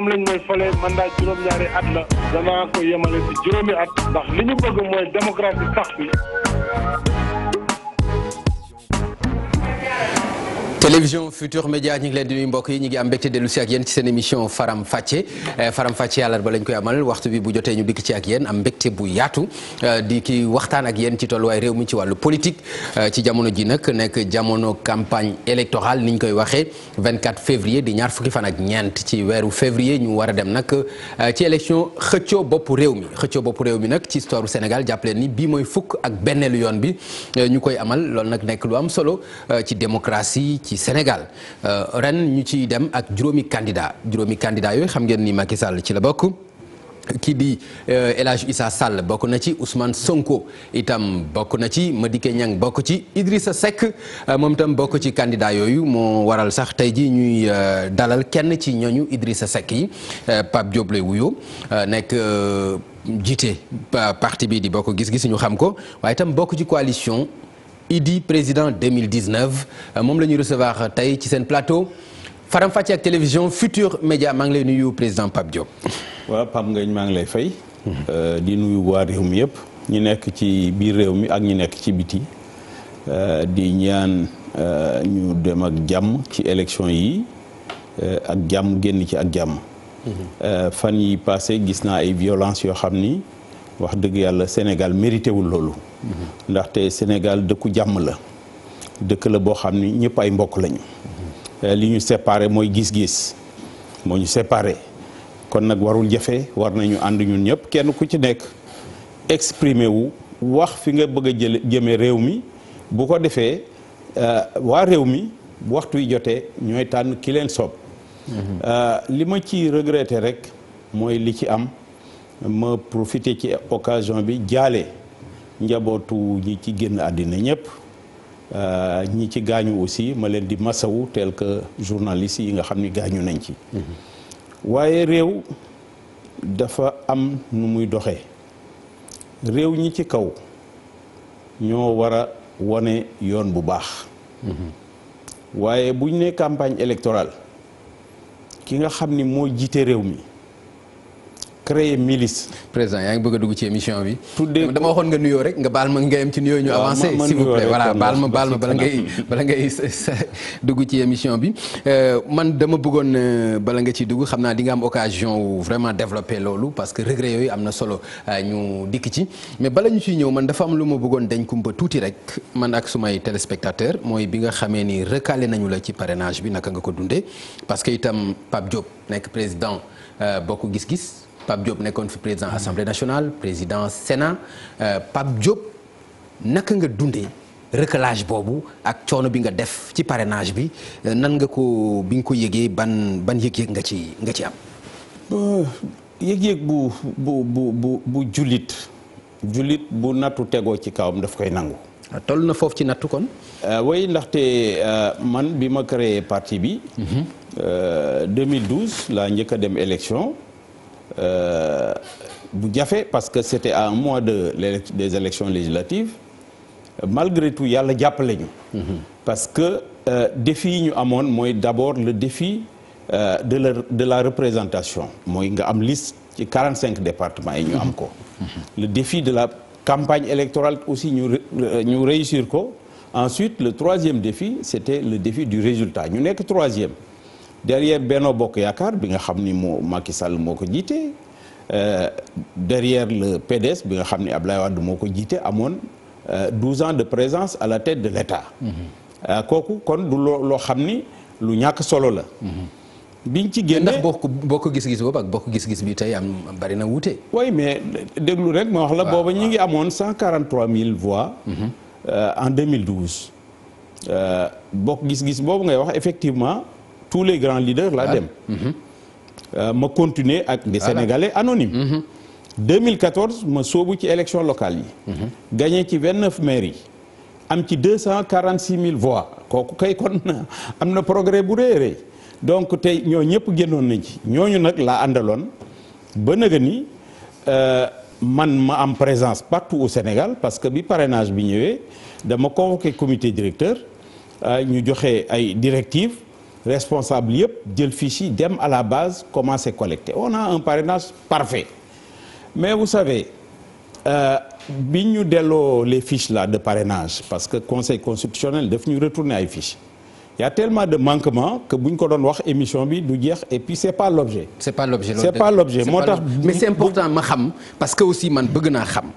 moom lañ may fale mandat juróom-ñaari at la danaa ko yemale ci juróomi at ndax li ñu bëgg mooy démocratie sax wi télévision Futur Média ñu ngi leen di nuyu mbokk yi ñu ngi am mbégte dellu si ak yéen ci seen émission Faram Facce eh, Faram Facce yàlla ba lañ koy amal waxtu bi bu jotee ñu dikk ci ak yéen am mbégte bu yaatu eh, di ki waxtaan ak yéen ci tolluwaay réew mi ci wàllu politique eh, ci jamono ji nag nekk jamono campagne électoral ni ñu koy waxee 24 février di ñaar fukki fan ak ñeent ci weeru février ñu war a dem nag ci élection xëccoo bopp réew mi xëccoo bopp réew mi nag ci histoire Sénégal jàpp ni bii mooy fukk ak benneelu yoon bi ñu koy amal loolu nag nekk lu am solo ci Sénégal euh, ren ñu ciy dem ak juróomi candidat juróomi candidat yooyu xam ngeen ni Macky Sall ci la bokk. kii di euh, El Hadj Issa Sall bokk na ci Ousmane Sonko itam bokk na ci ma Madické Niang bokk ci sa Seck euh, moom itam bokk ci candidat yooyu moo waral sax tey ji ñuy dalal kenn ci ñooñu sa Seck yi Pape Diop lay wuyoo nekk jiite parti bi di bokk gis-gis ñu xam ko waaye itam bokk ci coalition Idi président 2019 euh, moom la ñuy recevoir euh, tey ci seen plateau Faram Facce ak télévision Futur Média maa ngi lay nuyu président Pape Diop. waa Pape Ngagne maa ngi lay fay. Euh, di nuyu waa réew mi yëpp. ñu nekk ci biir réew mi ak ñu nekk ci biti di ñaan ñu dem ak jàmm ci élection yi ak jàmm génn ci ak jàmm. Mhm. fan yi passé gis naa ay violence yoo xam ni. wax dëgg yàlla Sénégal mérité wul loolu. ndaxte Sénégal dëkku jàmm la. dëkk la boo xam ni ñëpp ay mbokk lañu. Eh, li ñu séparé mooy gis-gis moo ñu séparé kon nag warul jafe war nañu ànd ñun ñëpp kenn ku ci nekk exprimer wu wax fi nga bëgg a jële jëmee réew mi bu ko defee eh, waa réew mi waxtu wi jotee ñooy tànn ki leen soob. Mm-hmm. Eh, li ma ci regretté rek mooy li ci am. ma profité ci occasion bi jaale njabootu ñi ci génn àddina ñëpp euh, ñi ci gaañu aussi ma leen di masawu tel que yi nga xam ni gaañu nañ ci mm-hmm. waaye réew dafa am nu muy doxe réew ñi ci kaw ñoo war a wane yoon bu baax mm-hmm. waaye buñ ne campagne électorale ki nga xam ni moo jiite réew mi créer milice. président yaa ngi bëgg dugg ci émission bi. tuddee dama waxoon nga nuyoo rek nga baal ma nga yem ci nuyoo ñu ah, avancé. s'il vous plaît voilà baal ma bala ngay bala dugg ci émission bi. Euh, man dama bëggoon euh, bala nga ci dugg xam naa di nga am occasion wu vraiment développer loolu parce que regret yooyu am na solo euh, ñu dikk ci mais bala ñu ciy ñëw man dafa am lu ma bëggoon dañ kumpa tuuti rek man ak sumay téléspectateur mooy bi nga xamee ni recalé nañu la ci parrainage bi naka nga ko dundee parce que itam Pape nekk président bokk gis-gis. Pape Diop nekkoon fi président assemblée nationale président sénat euh, Pape Diop naka nga dundee recalage boobu ak coono bi nga def ci parrainage bi euh, nan nga ko bi nga ko yëgee ban ban yëg nga ci nga ci am. yëg-yëg bu bu bu bu bu jullit jullit bu nattu tegoo ci kawam daf koy nangu. Ah, toll na foofu ci nattu kon. way euh, ndaxte man bi ma créé partie bi. 2012 mhm. laa njëkk a dem élection. Euh, bu jafe parce que c'était à un mois de des élections législatives malgré tout yàlla jàppale ñu. Mhm. parce que euh, défi yi ñu amoon mooy d'abord le défi euh, de la de la représentation mooy nga am liste ci 45 départements yi ñu am mhm. ko. Mhm. le défi de la campagne électorale aussi ñu ñu réussir ko ensuite le troisième défi c'était le défi du résultat ñu nekk troisième. derrière Benno Bokk Yaakaar bi nga xam ni moo Macky Sall moo ko jiite euh, derrière la PDS bi nga xam ni Abdoulaye Wade moo ko jiite amoon 12 euh, ans de présence à la tête de l'État mm-hmm. euh, kooku kon du loo loo xam ni lu ñàkk solo la mm-hmm. biñ ci génne ndax bokk bokk gis-gis boobu ak bokk gis-gis bi tey am bari na wute oui mais déglu rek ma wax la. booba ñi ngi amoon 143000 voix. Mm-hmm. en 2012. bokk gis-gis boobu ngay wax effectivement. tous les grands leaders laa ah. dem mhm. euh, ma continuer ak des sénégalais anonymes 2014 mhm. ma soobu ci élection locale yi mhm. gagné ci 29 maires yi am ci 246 000 voix kooku kay kon am na progrès bu rëy rëy donc tey ñoo ñëpp génnoon nañ ci ñooñu nag laa àndaloon ba naga ni euh, man ma am présence partout au Sénégal parce que bi parrainage bi ñëwee dama convoqué commité directeur euh, ñu joxe ay directives responsable yëpp jël fiche yi dem à la base commencer collecter on a un parrainage parfait mais vous savez euh, bi ñu delloo les fiches la de parrainage parce que conseil constitutionnel daf ñu retourner ay fiche y tellement de manquement que bu ñu ko doon wax émission bi du jeex et puis c'est pas l'objet. c'est pas l'objet moo tax. important ma xam parce que aussi man bëgg naa xam.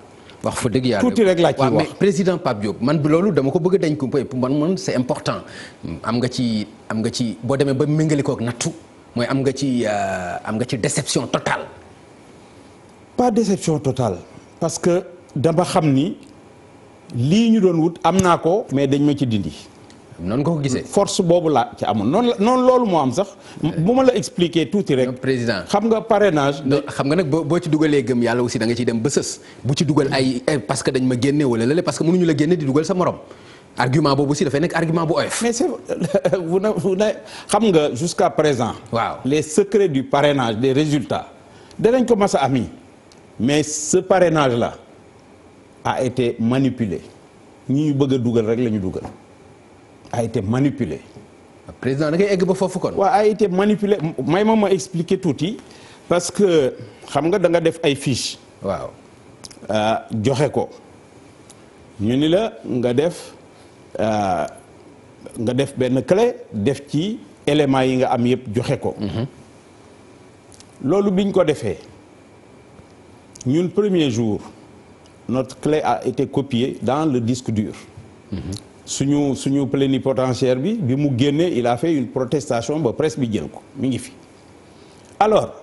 wax fa dëgg yàlla tuuti rek laa ciy wax président Pape Diop man loolu dama ko bëgg a dañ ko pour man man c'est important am nga ci am nga ci boo demee ba méngale ko ak nattu mooy am nga ci euh, am nga ci déception totale. pas déception totale parce que dama xam ni lii ñu doon wut am naa ko mais dañ ma ci dindi. noonu nga ko gisee force boobu laa ci amoon noonu noonu loolu moo am sax bu ma la expliquer tuuti rek président xam nga parrainage xam nga nag boo ci dugalee gëm yàlla aussi da nga ciy dem ba sës bu ci dugal ay eh, parce que dañ ma génne wala lële parce que mënuñu la génne di dugal sa morom argument boobu aussi dafay nekk argument bu oyof. mais c'est vous ne xam nga jusqu'à présent. waaw les secrets du parrainage des résultats danañ ko mas a ami mais ce parrainage la a été manipulé ñu ñu bëgg dugal rek la ñu dugal. a été manipulé. président da ngay egg ba foofu kon. waaw a été manipulé may ma ma expliquer tuuti parce que xam nga danga def ay fiche waaw euh, joxe ko ñu ni la nga def euh, nga def benn clé def ci éléments yi nga am yëpp joxe ko. Mhm. loolu biñ ko defee ñun premier jour notre clé a été copiée dans le disque dur. Mhm. suñu suñu plénipotentiaire bi bi mu génnee il a fait une protestation ba presse bi jël ko mu ngi fi alors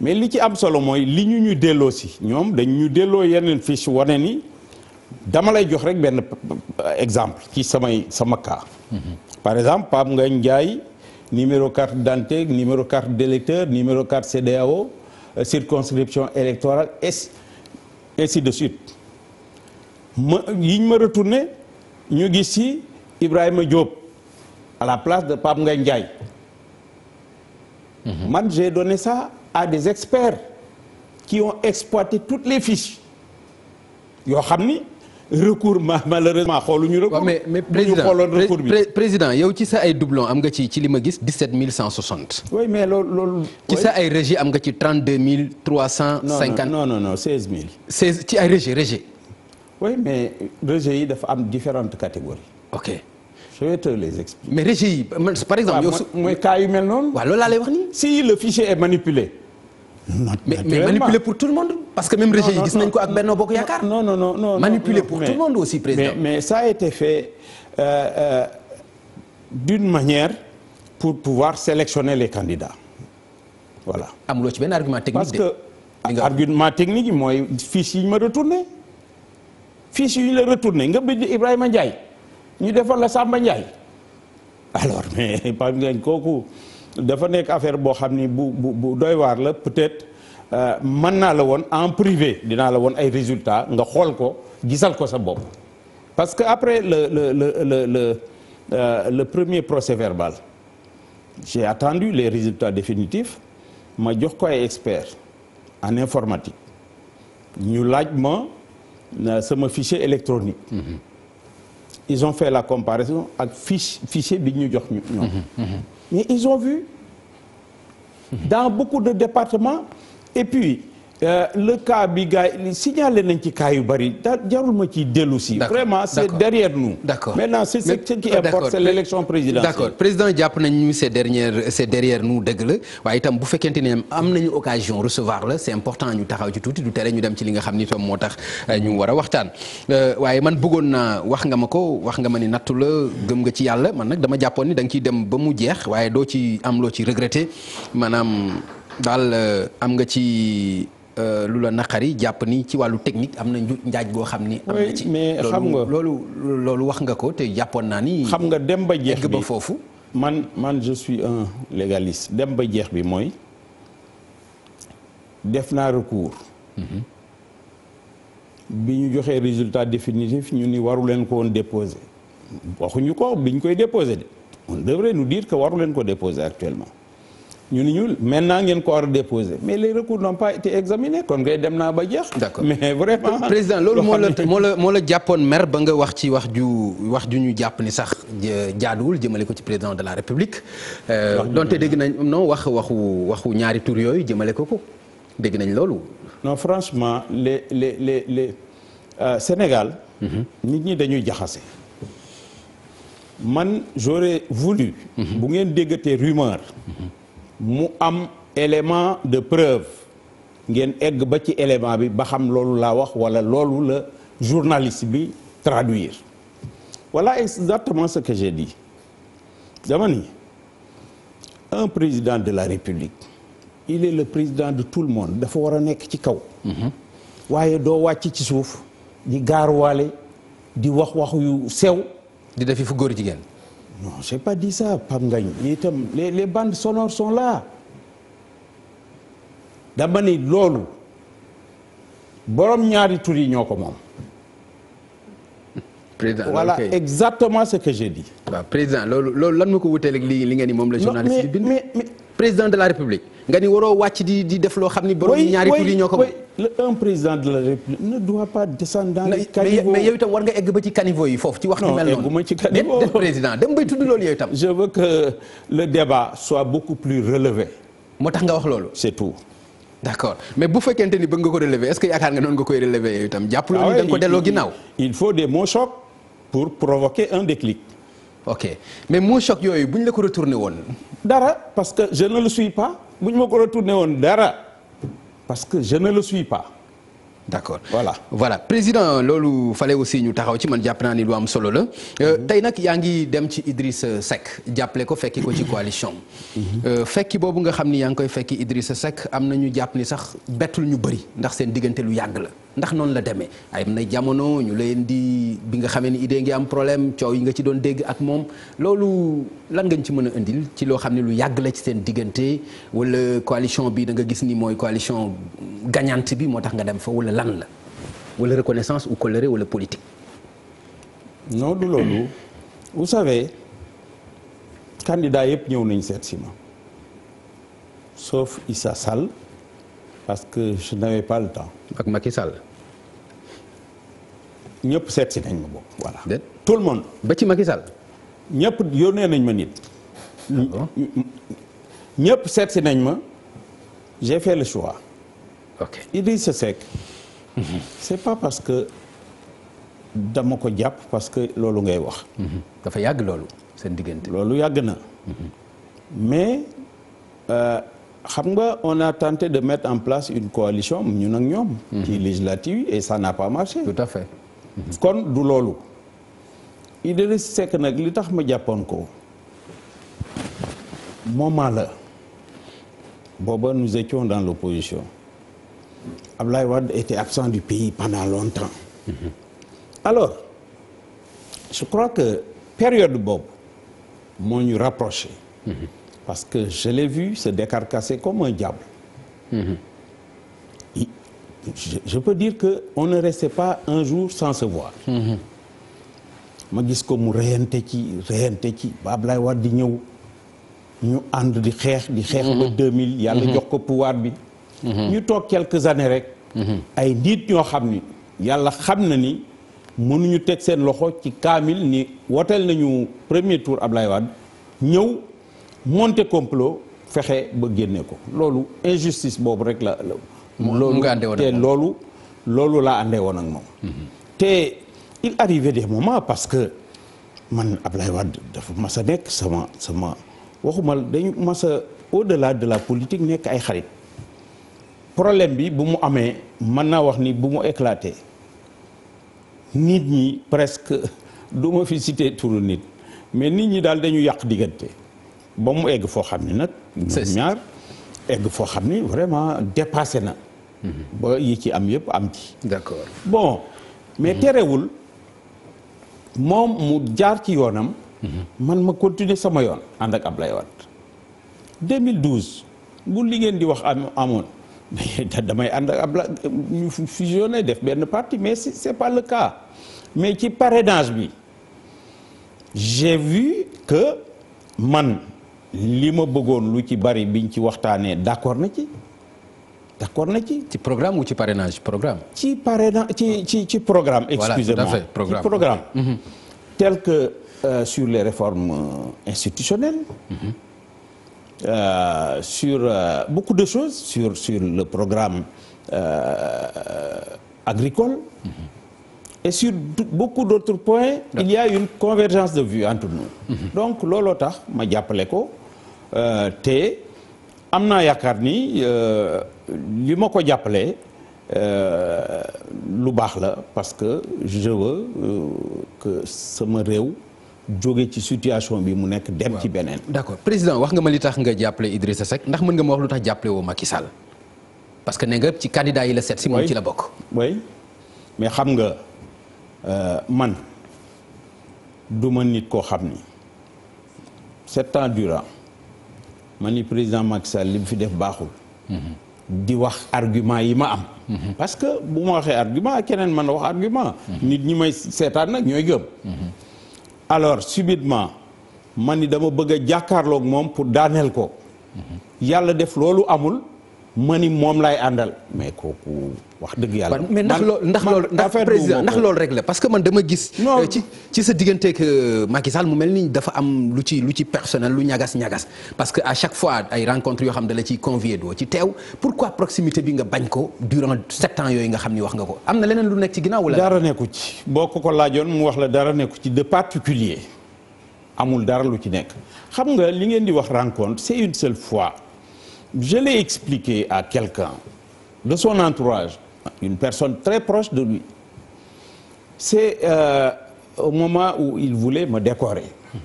mais li ci am solo mooy li ñu ñu delloo si ñoom dañ ñu delloo yeneen fiche wane ni dama lay jox rek benn exemple ci samay sama cas mhm. par exemple Pape Ngagne Ndiaye numéro carte d'identité numéro carte delecteur numéro carte CEDEAO euh, circonscription électorale et ainsi de suite ma yiñ ma retourné ñu gis ci Ibrahima Diop à la place de Pape ngay Ndiaye. Mhm. man j'ai donné sax à des experts qui ont exploité toutes les fiches yoo xam ni recours malheureusement xooluñu recours. waaw mais mais président président yow ci sa ay doublon am nga ci ci li ma gis 17160. oui mais loolu loolu. ci sa ay régie am nga ci 32350. no non non non 16000. 16 ci ay régie régie. oui mais rejets yi dafa am différentes catégories. les mais rejets par exemple. yow mooy cas yu mel noonu. waaw loolu laa wax nii. si le fichier est manipulé. mais mais manipulé pour tout le monde. parce que même rejet yi gis nañ ko ak Benno Bokk Yaakaar. non non non non manipulé pour tout le monde aussi président. mais ça a été fait euh, euh, d'une manière pour pouvoir sélectionner les candidats voilà. amuloo ci benn argument technique de. parce que technique yi mooy fiche yi ñu ma fiche yu ñu la retourné nga bind Ibrahima Ndiaye ñu defal la Samba Ndiaye alors mais Pape Ngagne kooku dafa nekk affaire boo xam ni bu bu bu doy waar la peut-être euh, mën naa la woon en privé dinaa la woon ay résultats nga xool ko gisal ko sa bopp parce que après le le le le le euh, le premier procès verbal j'ai attendu les résultats définitifs ma jox ko ay experts en informatique ñu laaj ma. sama fichier électronique. Mhm. ils ont fait la comparaison ak fiche fichier bi ñu jox ñu. Mhm. ñoom mhm. mais ils ont vu. dans beaucoup de départements et puis. Euh, le cas bi gars yi signalé nañ ci cas yu bëri daal jarul ma ci dellu si. vraiment c' est derrière nous. d' accord maintenant c' est ce qui importe c' président jàpp nañ ñu c' est derrière c' est derrière nous dëgg la waaye itam bu fekkente ne am nañu occasion recevoir la c' important ñu taxaw ci tuuti du tere ñu dem ci li nga xam ni itam moo tax euh, ñu war a waxtaan. Euh, waaye man bëggoon naa wax nga ma ko wax nga ma ni nattu la gëm nga ci yàlla man nag dama jàppoon ni da nga dem ba mu jeex waaye doo ci am loo ci regretté maanaam daal am nga ci. Euh, lu la naqari jàpp ni ci wàllu technique am na njuuj njaaj goo xam ni. am na ci mais xam nga loolu loolu wax nga ko te jàppoon naa ni. xam nga dem ba jeex bi foofu. man man je suis un légaliste dem ba jeex bi mooy def naa recours. Mhm. bi ñu joxee résultat définitif ñu ni waru leen ko woon déposer waxuñu ko bi ñu koy déposer de on devrait nous dire que waru leen ko déposer actuellement. ñu ni ñu maintenant ngeen ko war a déposé mais les recours n'ont pas été examinés kon ngay dem naa ba jeex. d'accord mais vraiment. président loolu moo la moo la jàppoon mer ba nga wax ci wax ju wax ju ñu jàpp ni sax jaaduwul jëmale ko ci président de la république. Euh, donte dégg nañ non wax waxu waxu ñaari tur yooyu jëmale ko ko dégg nañ loolu. non franchement les les les les euh, Sénégal. Mhm. nit ñi dañuy jaxase. man j'aurais voulu. Mhm. bu ngeen déggatee rumeur. Mhm. mu am élément de preuve ngeen egg ba ci élément bi ba xam loolu laa wax walla loolu la journaliste bi traduire voilà exactement ce que j'ai dit dama ni un président de la République il est le président de tout le monde dafa war a nekk ci kaw mhm. waaye doo wàcc ci suuf di gaaruwaale di wax wax yu sew di def fu góor jigéen non j'ai pas dit ça Pape Ngagne itam les les bandes sonores sont là dama ni loolu borom ñaari tur yi ñoo ko moom. président voilà exactement ce que j'ai dit. loolu lan ma ko wuteeleg li li ngeen ni moom la journaliste bi bind. président de la république nga ni waroo wàcc di di def loo xam ni borom ñaari tur ñoo ko. le mais yow itam war nga egg ba ci caniveau yi foofu ci wax. ci mel noonu egguma ci caniveau déet président dem bay tudd loolu yow itam. moo tax nga wax loolu. c'est tout. d'accord mais bu fekkente ni bëgg nga ko relever est-ce que yaakaar nga noon nga koy relever yow itam. jàpp ah loolu da nga ko delloo ginnaaw. il faut des mots chocs pour provoquer un déclic. ok mais moo choc yooyu bu ñu la ko retourné woon. dara parce que je ne le suis pas bu ñu ma ko retourné woon dara parce que je ne le suis d' accord voilà voilà président loolu fale aussi ñu taxaw ci man jàpp naa ni lu am solo la. Euh, mhm. tey nag yaa ngi dem ci Idrissa Seck jàppale ko fekki ko ci coalition mhm. euh, fekki boobu nga xam ni yaa ngi koy fekki Idrissa Seck am na ñu jàpp ni sax bettul ñu bëri ndax seen diggante lu yàgg la. ndax noonu la demee ay am na jamono ñu leen di bi nga xamee ni idée ngi am problème coow yi nga ci doon dégg ak moom loolu lan ngañ ci mën a indil ci loo xam ne lu yàgg la ci seen diggante wala coalition bi da nga gis ni mooy coalition gagnante bi moo tax nga dem fa wala lan la wala reconnaissance ou colère wala politique. non du loolu vous savez candidat yëpp ñëw nañ seet si ma sauf Issa Sall. parce que je n'avais pas le temps. ak Macky Sall. ñëpp seet si nañ ma bokk voilà. tout le monde. ba ci Macky sal ñëpp yónnee nañ ma nit. Ah ñëpp seet si nañ ma. j'ai fait le choix. ok Idrissa Seck. c'est pas parce que dama ko jàpp parce que loolu ngay wax. Mhm. dafa yàgg loolu seen diggante. loolu yàgg na. Mhm. mais. Euh, xam nga on a tenté de mettre en place une coalition ñun ak ñoom. Mhm. ci législative et ça n'a pas marché. tout à mhm. kon du loolu. Idriss Seck nag li tax ma jàppoon ko moment la booba nous étions dans l'opposition Ablaye Wade était absent du pays pendant longtemps mhm. alors je crois que période boobu moo ñu rapproché Parce que je l'ai vu se décarcasser comme un diable. Mmh. Et je, je, peux dire qu'on ne restait pas un jour sans se voir. Mhm. ma gis ko mu reyante ci reyante ci ba lay Wade di ñëw ñu ànd di xeex di xeex ba 2000 mhm. yàlla mhm. jox ko pouvoir bi ñu toog quelques années rek ay nit ñoo xam ni yàlla xam na ni mënuñu teg seen loxo ci kaamil ni woteel nañu premier tour Ablaye Wade ñëw monte complot fexe ba génne ko loolu injustice boobu rek la loolu te loolu loolu laa àndee woon ak moom mhm. te il arrivait des moments parce que man Ablaye Wade dafa mas a nekk sama sama waxuma dañu mas a de la de la politique nekk ay xarit problème bi bu mu amee mën naa wax ni bu mu éclaté nit ñi presque du ma fi cité turu nit mais nit ñi daal dañu yàq diggante ba mu egg foo xam ne nag. ñaar egg foo xam ni vraiment dépassé na. ba yi ci am yëpp am ci. d'accord bon mais terewul moom mu jaar ci yoonam. man ma continuer sama yoon ànd ak Ablaye Wade 2012 bu li ngeen di wax am amoon damay ànd ak Ablaye ñu fusionné def benn parti mais c'est pas mais ci parrainage bi j'ai vu que man. li ma bëggoon lu ci bari biñ ci waxtaanee d'accord na ci d'accord na ci. ci programme ou ci parrainage programme. ci parrainage ci ci ci programme. excusez-moi voilà programme mm-hmm. tel que euh, sur les réformes euh, institutionnelles. Mm-hmm. Euh, sur beaucoup de choses sur sur le programme agricole. Mm-hmm. et sur beaucoup d'autres points. il y a une convergence de vues entre nous. donc looloo tax ma jàppale ko. Euh, te am naa yaakaar ni euh, li ma ko jàppalee euh, lu baax la parce que je veux que sama réew jóge ci situation bi mu nekk dem ci beneen. d'accord président wax nga ma li tax nga jàppale sa Seck ndax mën nga ma wax lu tax jàppale woo Macky Sall parce que ne nga ci candidat yi la set si moom ci la bokk. oui mais xam nga man du ma nit koo xam ni sept ans durant. man ni président Macky Sall li mu fi def baaxul. di wax argument yi ma am. parce que bu ma waxee argument keneen mën a wax argument. nit ñi may seetaan nag ñooy gëm. alors subitement ma ni dama bëgg a jàkkaarloog moom pour daaneel ko. yàlla def loolu amul. ma ni moom lay àndal mais kooku wax dëgg yàlla. mais ndax loolu ndax loolu ndax loolu rek la parce que man dama gis. Euh, ci ci sa digganteeg euh, Macky Sall mu mel ni dafa am lu ci lu ci personnel lu ñagas ñagas. parce que à chaque fois ay rencontre yoo xam da la ciy convier doo ci teew pourquoi proximité bi nga bañ ko durant sept ans yooyu nga xam ni wax nga ko am na leneen lu nekk ci ginnaaw wala. dara nekku ci boo ko ko laajoon mu wax la dara nekku ci de particulier amul dara lu ci nekk xam nga li ngeen di wax rencontre c'est une seule fois. je l'ai expliqué à quelqu'un de son entourage, une personne très proche de lui. C'est euh, au moment où il voulait me décorer. Mm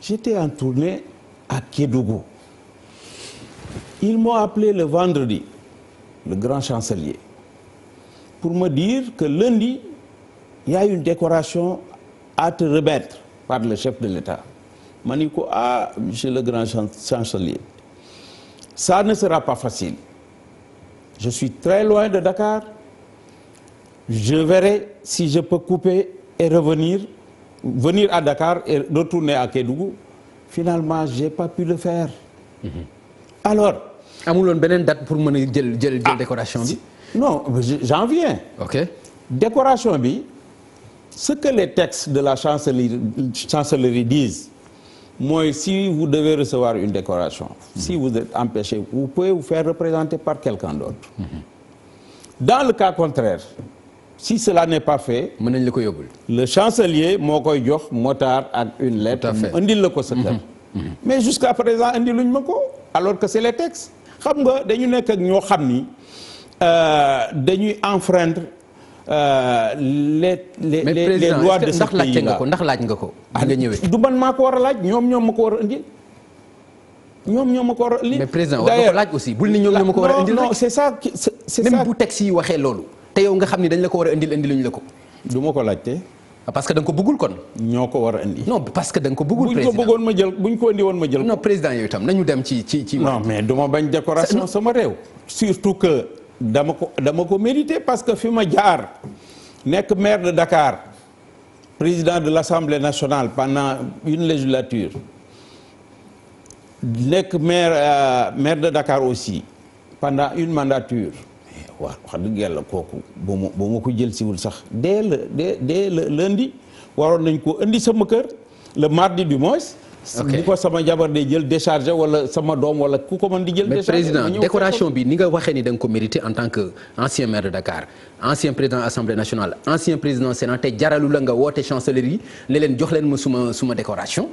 J'étais en tournée à Kédougou. Ils m'ont appelé le vendredi, le grand chancelier, pour me dire que lundi, il y a une décoration à te remettre par le chef de l'État. Maniko, ah, monsieur le grand chan chancelier, ça ne sera pas facile je suis très loin de Dakar je verrai si je peux couper et revenir venir à Dakar et retourner à Kédougou finalement j'ai pas pu le faire mm -hmm. alors amuloon beneen date pour mën a jël jël jël ah, décoration bi non j'en viens ok décoration bi ce que les textes de la chancellerie chancellerie disent mooy si vous devez recevoir une décoration si mhm. vous êtes empêché vous pouvez vous faire représenter par quelqu'un d'autre mhm. dans le cas contraire si cela n'est pas fait mën nañ la ko yóbbul le chancelier moo koy jox motard ak une lettre indil la ko sa kër mhm. mais jusqu'à présent indiluñ ma ko alors que c'est les textes xam nga dañu nekk ak ñoo xam ni euh, dañuy enfreindre Euh, les les les les lois de ce pays là mais ndax laaj nga ko ndax laaj nga ko. nga ñëwee ah, du man maa ko war a laaj ñoom ñoom ma ko war a indi ñoom ko war a. li mais président war nga ko laaj aussi bul ni ñoom ñoo ma ko war a indil. non non c'est ça c'est bu taxi loolu. te nga xam ni dañ la ko war a indil indiluñ la ko. ma ko laajte. Ah, parce que da nga ko bëggul ñoo ko war indi. non parce que da ko bëggul président buñ ma jël buñ ko indi ma jël. non président yooyu tam nañu dem ci ci ci. non du ma bañ décoration sama réew. surtout que dama ko dama ko mérité parce que fi ma jaar nekk maire de Dakar président de l'Assemblée nationale pendant une législature nekk maire euh, maire de Dakar aussi pendant une mandature waaw wax yàlla kooku ba ma ko jël siwul sax dès le waroon nañ ko indi sama kër le mardi du mois bu ko sama jabar day jël déchargé wala sama doom wala ku ko mën di jël. déchargé président décoration bi ni nga waxee ni da nga ko mérité en tant que ancien maire de Dakar ancien président assemblée nationale ancien président sénat te jaralu la nga woote chancellerie ne leen jox leen ma suma suma décoration.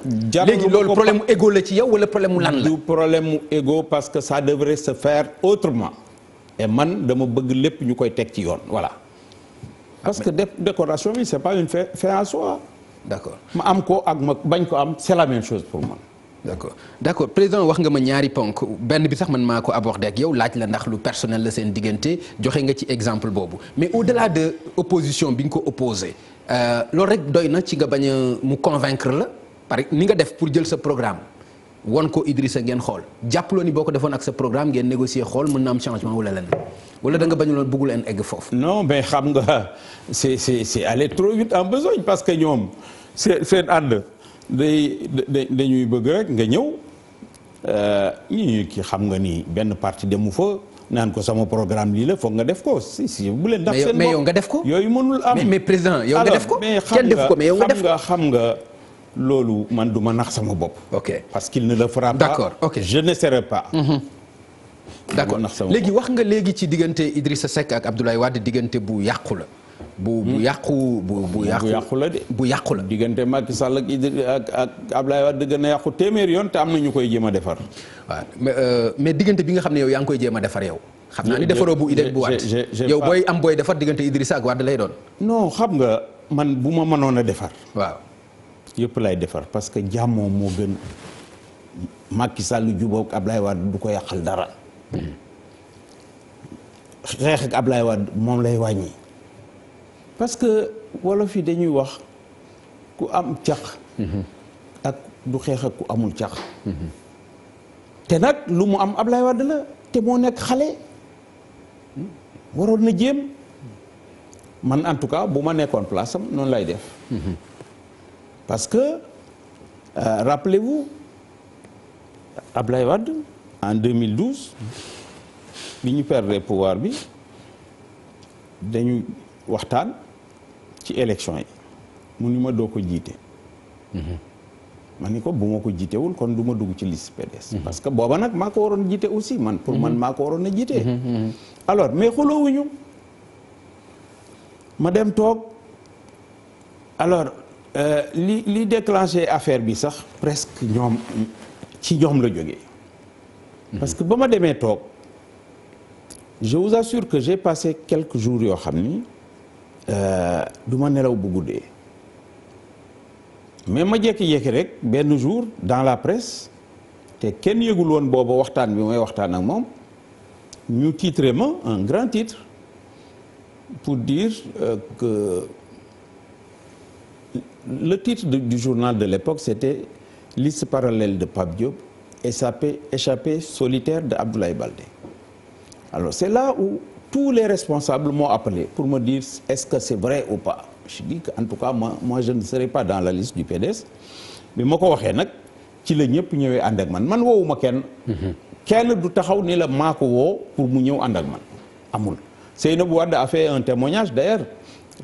léegi loolu problème mu égo la ci yow wala problème mu lan la. du problème mu égo parce que ça devrait se faire autrement. et man dama bëgg lépp ñu koy teg ci yoon voilà. parce ah, que décoration bi c'est pas une fin en soi. d'accord ma am ko ak ma bañ ko am c'est la même chose pour moi. d'accord d'accord président wax nga ma ñaari ponk benn bi sax man maa ko abordé ak yow laaj la ndax lu personnel la seen diggante joxe nga ci exemple boobu mais au-delà de opposition bi nga ko opposé euh, loolu rek doy na ci nga bañ mu convaincre la par ni nga def pour jël sa programme won ko Idrissa ngeen xool jàppaloo ni boo ko defoon ak sa programme ngeen négocier xool mën na am changement wala leneen wala da nga leen egg foofu. non mais xam nga c'est c'est c'est aller trop ñoom. seen seen ànd dañuy bëgg rek nga ñëw euh, ñu ki xam nga nii benn parti demu fa naan ko sama programme lii la foog nga def ko si si bu leen. ndax seen mais yow nga def ko yooyu mënul mais président yow nga def ko kenn def ko mais nga xam nga loolu man du ma nax sama bopp. ok parce que qu'il ne le fera pas. d'accord ok je n'essaierai pas. Mhm. d'accord léegi wax nga léegi ci diggante Idrissa Seck ak Abdoulaye Wade diggante bu yàqu la. bu bu hmm. yàqu bu bu hmm, yàqu bu la de. bu yàqu la diggante Macky Sall ak ak ak Abdoulaye gën a yàqu téeméer yoon te am na ñu koy jéem a defar. waaw euh, mais diggante bi nga xam ne yow yaa ngi koy jéem a defar yow. xam naa ni defaroo bu idée bu waat yow booy am booy defar diggante Idrissa ak Wade lay doon. non xam nga man bu ma mënoon a defar. waaw yëpp lay defar parce que jàmmoo moo gën Macky Sall jubóog Abdoulaye Wade du ko yàqal dara. Hmm. xeex ak Abdoulaye Wade moom lay wàññi. parce que wolof yi dañuy wax ku am caq mhm. ak du xeex ak ku amul cax. Mhm. te nag lu mu am Ablaye Wade la te moo nekk xale. waroon na jéem man en tout cas bu ma nekkoon place am noonu lay def. Mhm. parce que euh, rappelez-vous Ablaye Wade en 2012 bi ñu perdre pouvoir bi dañuy waxtaan. ci élection yi mu nu ma doo ko jiite mhm. ma ni ko bu ma ko jiitewul kon du ma dugg ci liste PDS mhm. parce que booba nag maa ko waroon jiite aussi man pour man mhm. maa ko waroon a jiite alors mais ñu ma dem toog alors euh, li li déclenché affaire bi sax presque ñoom ci ñoom la jógee parce que ba ma demee toog je vous assure que j'ai passé quelques jours yoo xam ni Euh, du ma nelaw bu guddee mais ma jékki-jékki rek benn jour dans la presse te kenn yëgul woon booba waxtaan bi mooy waxtaan ak moom ñu titre ma un grand titre pour dire euh, que le titre de, du journal de l'époque c'était liste parallèle de Pape Diop échappé solitaire de Abdoulaye Baldé alors c'est là où tous les responsables m'ont appelé pour me dire est-ce que c'est vrai ou pas je tout cas moi moi je ne serai pas dans la liste du PDS bi ma ko waxee nag ci la ñëpp ñëwee ànd ak man man woowuma kenn mhm. kenn du taxaw ni la maa woo pour mu ñëw ànd ak amul Seynabou Wade a fait un témoignage d'ailleurs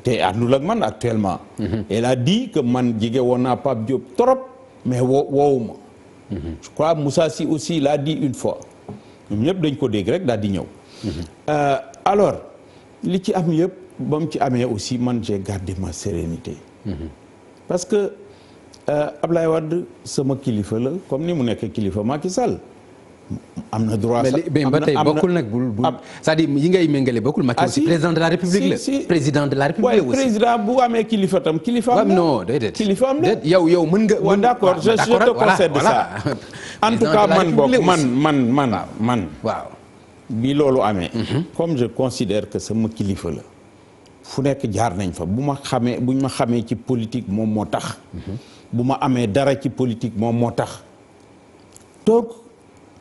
te àndul ak man actuellement mhm. elle a dit man jige woon naa Pape Diop trop mais woo woowuma mhm. je crois Moussa Sy aussi l'a dit une fois ñëpp dañ ko dégg rek daal di ñëw euh, alors li ci am yëpp ba mu ci amee aussi man j'ai gardé ma sérénité. Mhm. parce que euh, Ablaye Wade sama kilifa la comme ni mu nekk kilifa Macky Sall. am na droit sax mais ba tey bokkul nag bul bul yi ngay méngale bokkul Macky ah, aussi président de la république la président de la république aussi président bu amee kilifa tam kilifa am na kilifa am na yow yow mën nga waaw d'accord je te concède ça en tout cas man bokk man man waaw bi loolu amee. Mhm. comme je considère que sama kilifa la. fu nekk jaar nañ fa bu ma xamee buñ ma xamee ci politique moom moo tax. Mhm. bu ma amee dara ci politique moom moo tax. toog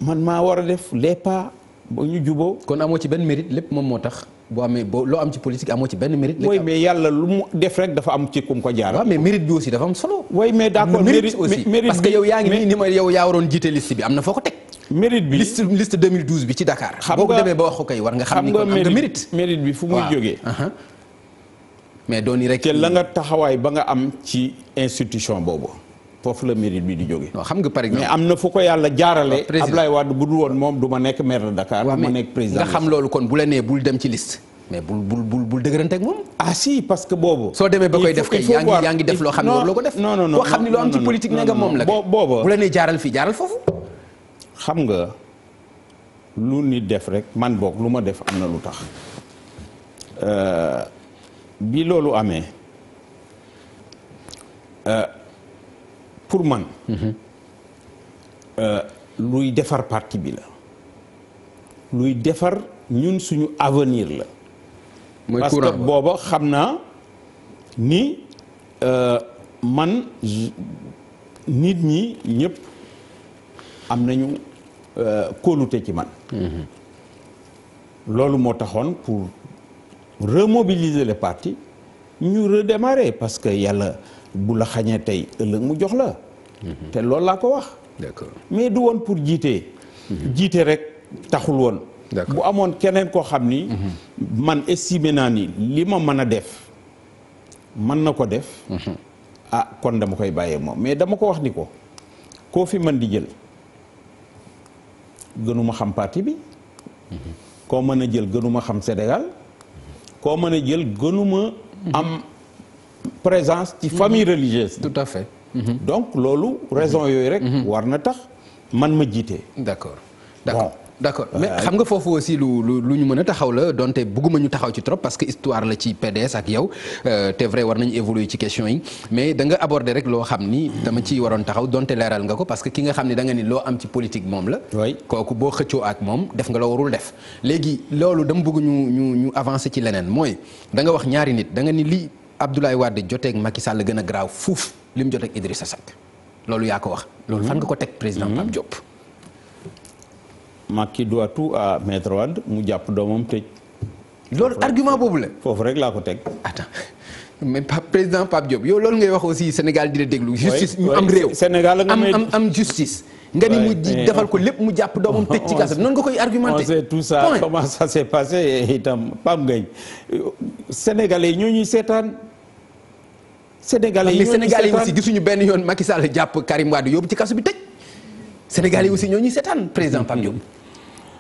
man maa war a def les pas ñu juboo kon amoo ci benn mérite lépp moom moo tax. boo amee boo loo am ci politique amoo ci benn mérite. oui mais yàlla lu mu def rek dafa am ci kum ko jaar. waaw mais mérite bi aussi dafa am solo. oui mais d'accord mérite aussi parce que yaa ngi nii ni ma yow yaa am na foo mérit bi liste liste bi ci Dakar. xam nga boo ko demee ba wax ko kay war nga. xam ni kon am nga bi fu muy jógee. Uh-huh. mais dooni rek. te la nga taxawaay ba nga am ci institution boobu foofu la mérite bi di jógee. mais am na fu ko yàlla jaarale. président bu dul woon moom du ma nekk maire de Dakar. nga xam loolu kon bu la nee bul dem ci liste. mais bul bul bul bul dëgëranteeg moom. ah parce que boobu. soo demee ba koy def kay yaa ngi def loo xam ne waruloo ko def. non non non non non non non non non non non xam nga lu nit def rek man boog lu ma def am na lu tax euh, bi loolu amee euh, pour man mhm. euh, luy defar parti bi la luy defar ñun suñu avenir la mooy parce booba xam naa ni man nit ñi ñëpp am nañu euh, kóolute ci man loolu moo taxoon pour remobiliser le parti ñu redémarrer parce que yàlla bu la xañee tey ëllëg mu jox la te loolu laa ko wax d'accord mais du woon pour jiite jiite rek taxul woon bu amoon keneen koo xam ni mhm. man estimé naa ni li ma mën a def mën na ko def mhm. ah kon dama koy bàyyee moom mais dama ko wax ni ko koo fi mën di jël gënuma xam parti bi koo mën a jël gënuma xam Sénégal koo mën a jël gënuma am présence ci famille religieuse tout à fait donc loolu raison yooyu rek mhm. war na tax man ma jiite d'accord d'accord d'accord mais xam nga foofu aussi lu lu lu ñu mën a taxaw la donte bëgguma ñu taxaw ci trop parce que histoire la ci PDS ak yow euh, te vrai war nañu évoluer ci question yi mais da nga aborder rek loo xam ni dama ciy waroon taxaw donte leeral nga ko parce que ki nga xam ni da ni loo am ci politique moom la. kooku boo xëccoo ak moom def nga la warul def. léegi loolu dama bëgg ñu ñu ñu avancer ci leneen mooy danga wax ñaari nit da nga ni li Abdoulaye Wade joteeg Macky Sall gën a graaw fuuf li mu joteeg Idrissa Seck loolu yaa ko wax. loolu mhm. fan nga ko teg président Pape mhm. Diop. Macky doit tout à maître mu jàpp doomam tëj. loolu argument boobu la. foofu rek laa ko teg. attends mais Pape président Pape Diop yow loolu ngay wax aussi Sénégal di la déglu. justice ñu am réew Sénégal am am am justice. nga ni mu defal ko lépp mu jàpp doomam tëj ci kaso noonu nga koy argumenté. on sait tout ça comment ça s' est itam Pape Ngagne Sénégalais ñoo ñuy seetaan. Sénégalais yi ñoo ñuy seetaan mais Sénégalais yi gisuñu benn yoon Macky Sall jàpp Karim Wade yóbbu ci kaso bi tëj. Sénégalais aussi ñoo ñuy seetaan président Pape Diop.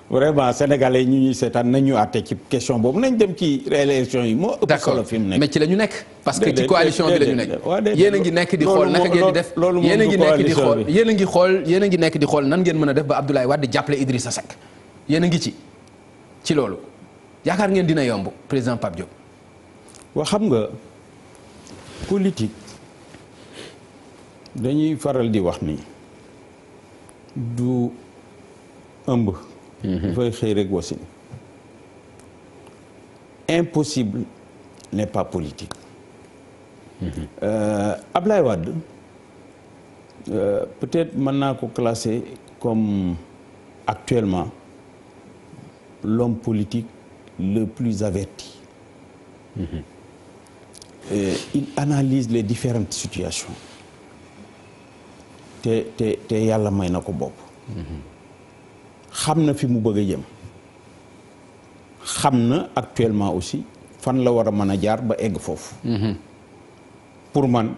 vraiment sénégalais ñu seetaan nañ ñu àtte ci question boobu nañ dem ci élection yi moo ëpp fi mu ci la ñu nekk parce que ci coalition bi la ñu nekk a ngi nekk di xool naka ngeen di yéen a ngi xool yéen ngi xool yéen xool nan ngeen mën a def ba Abdoulaye Wade jàppale Idrissa Seck yéen ngi ci ci loolu yaakaar ngeen dina yomb président Pape Diop waa xam nga politique dañuy faral di wax nii du ëmb mhm. dafay xëy rek wasin impossible n'est pas politique mhm. euh, Ablaye Wade euh, peut-être mën naa ko classer comme actuellement l'homme politique le plus averti mm -hmm. Et il analyse les différentes situations te te te yàlla may na ko bopp xam na fi mu bëgg jëm xam na actuellement aussi fan la war a mën a jaar ba egg foofu pour man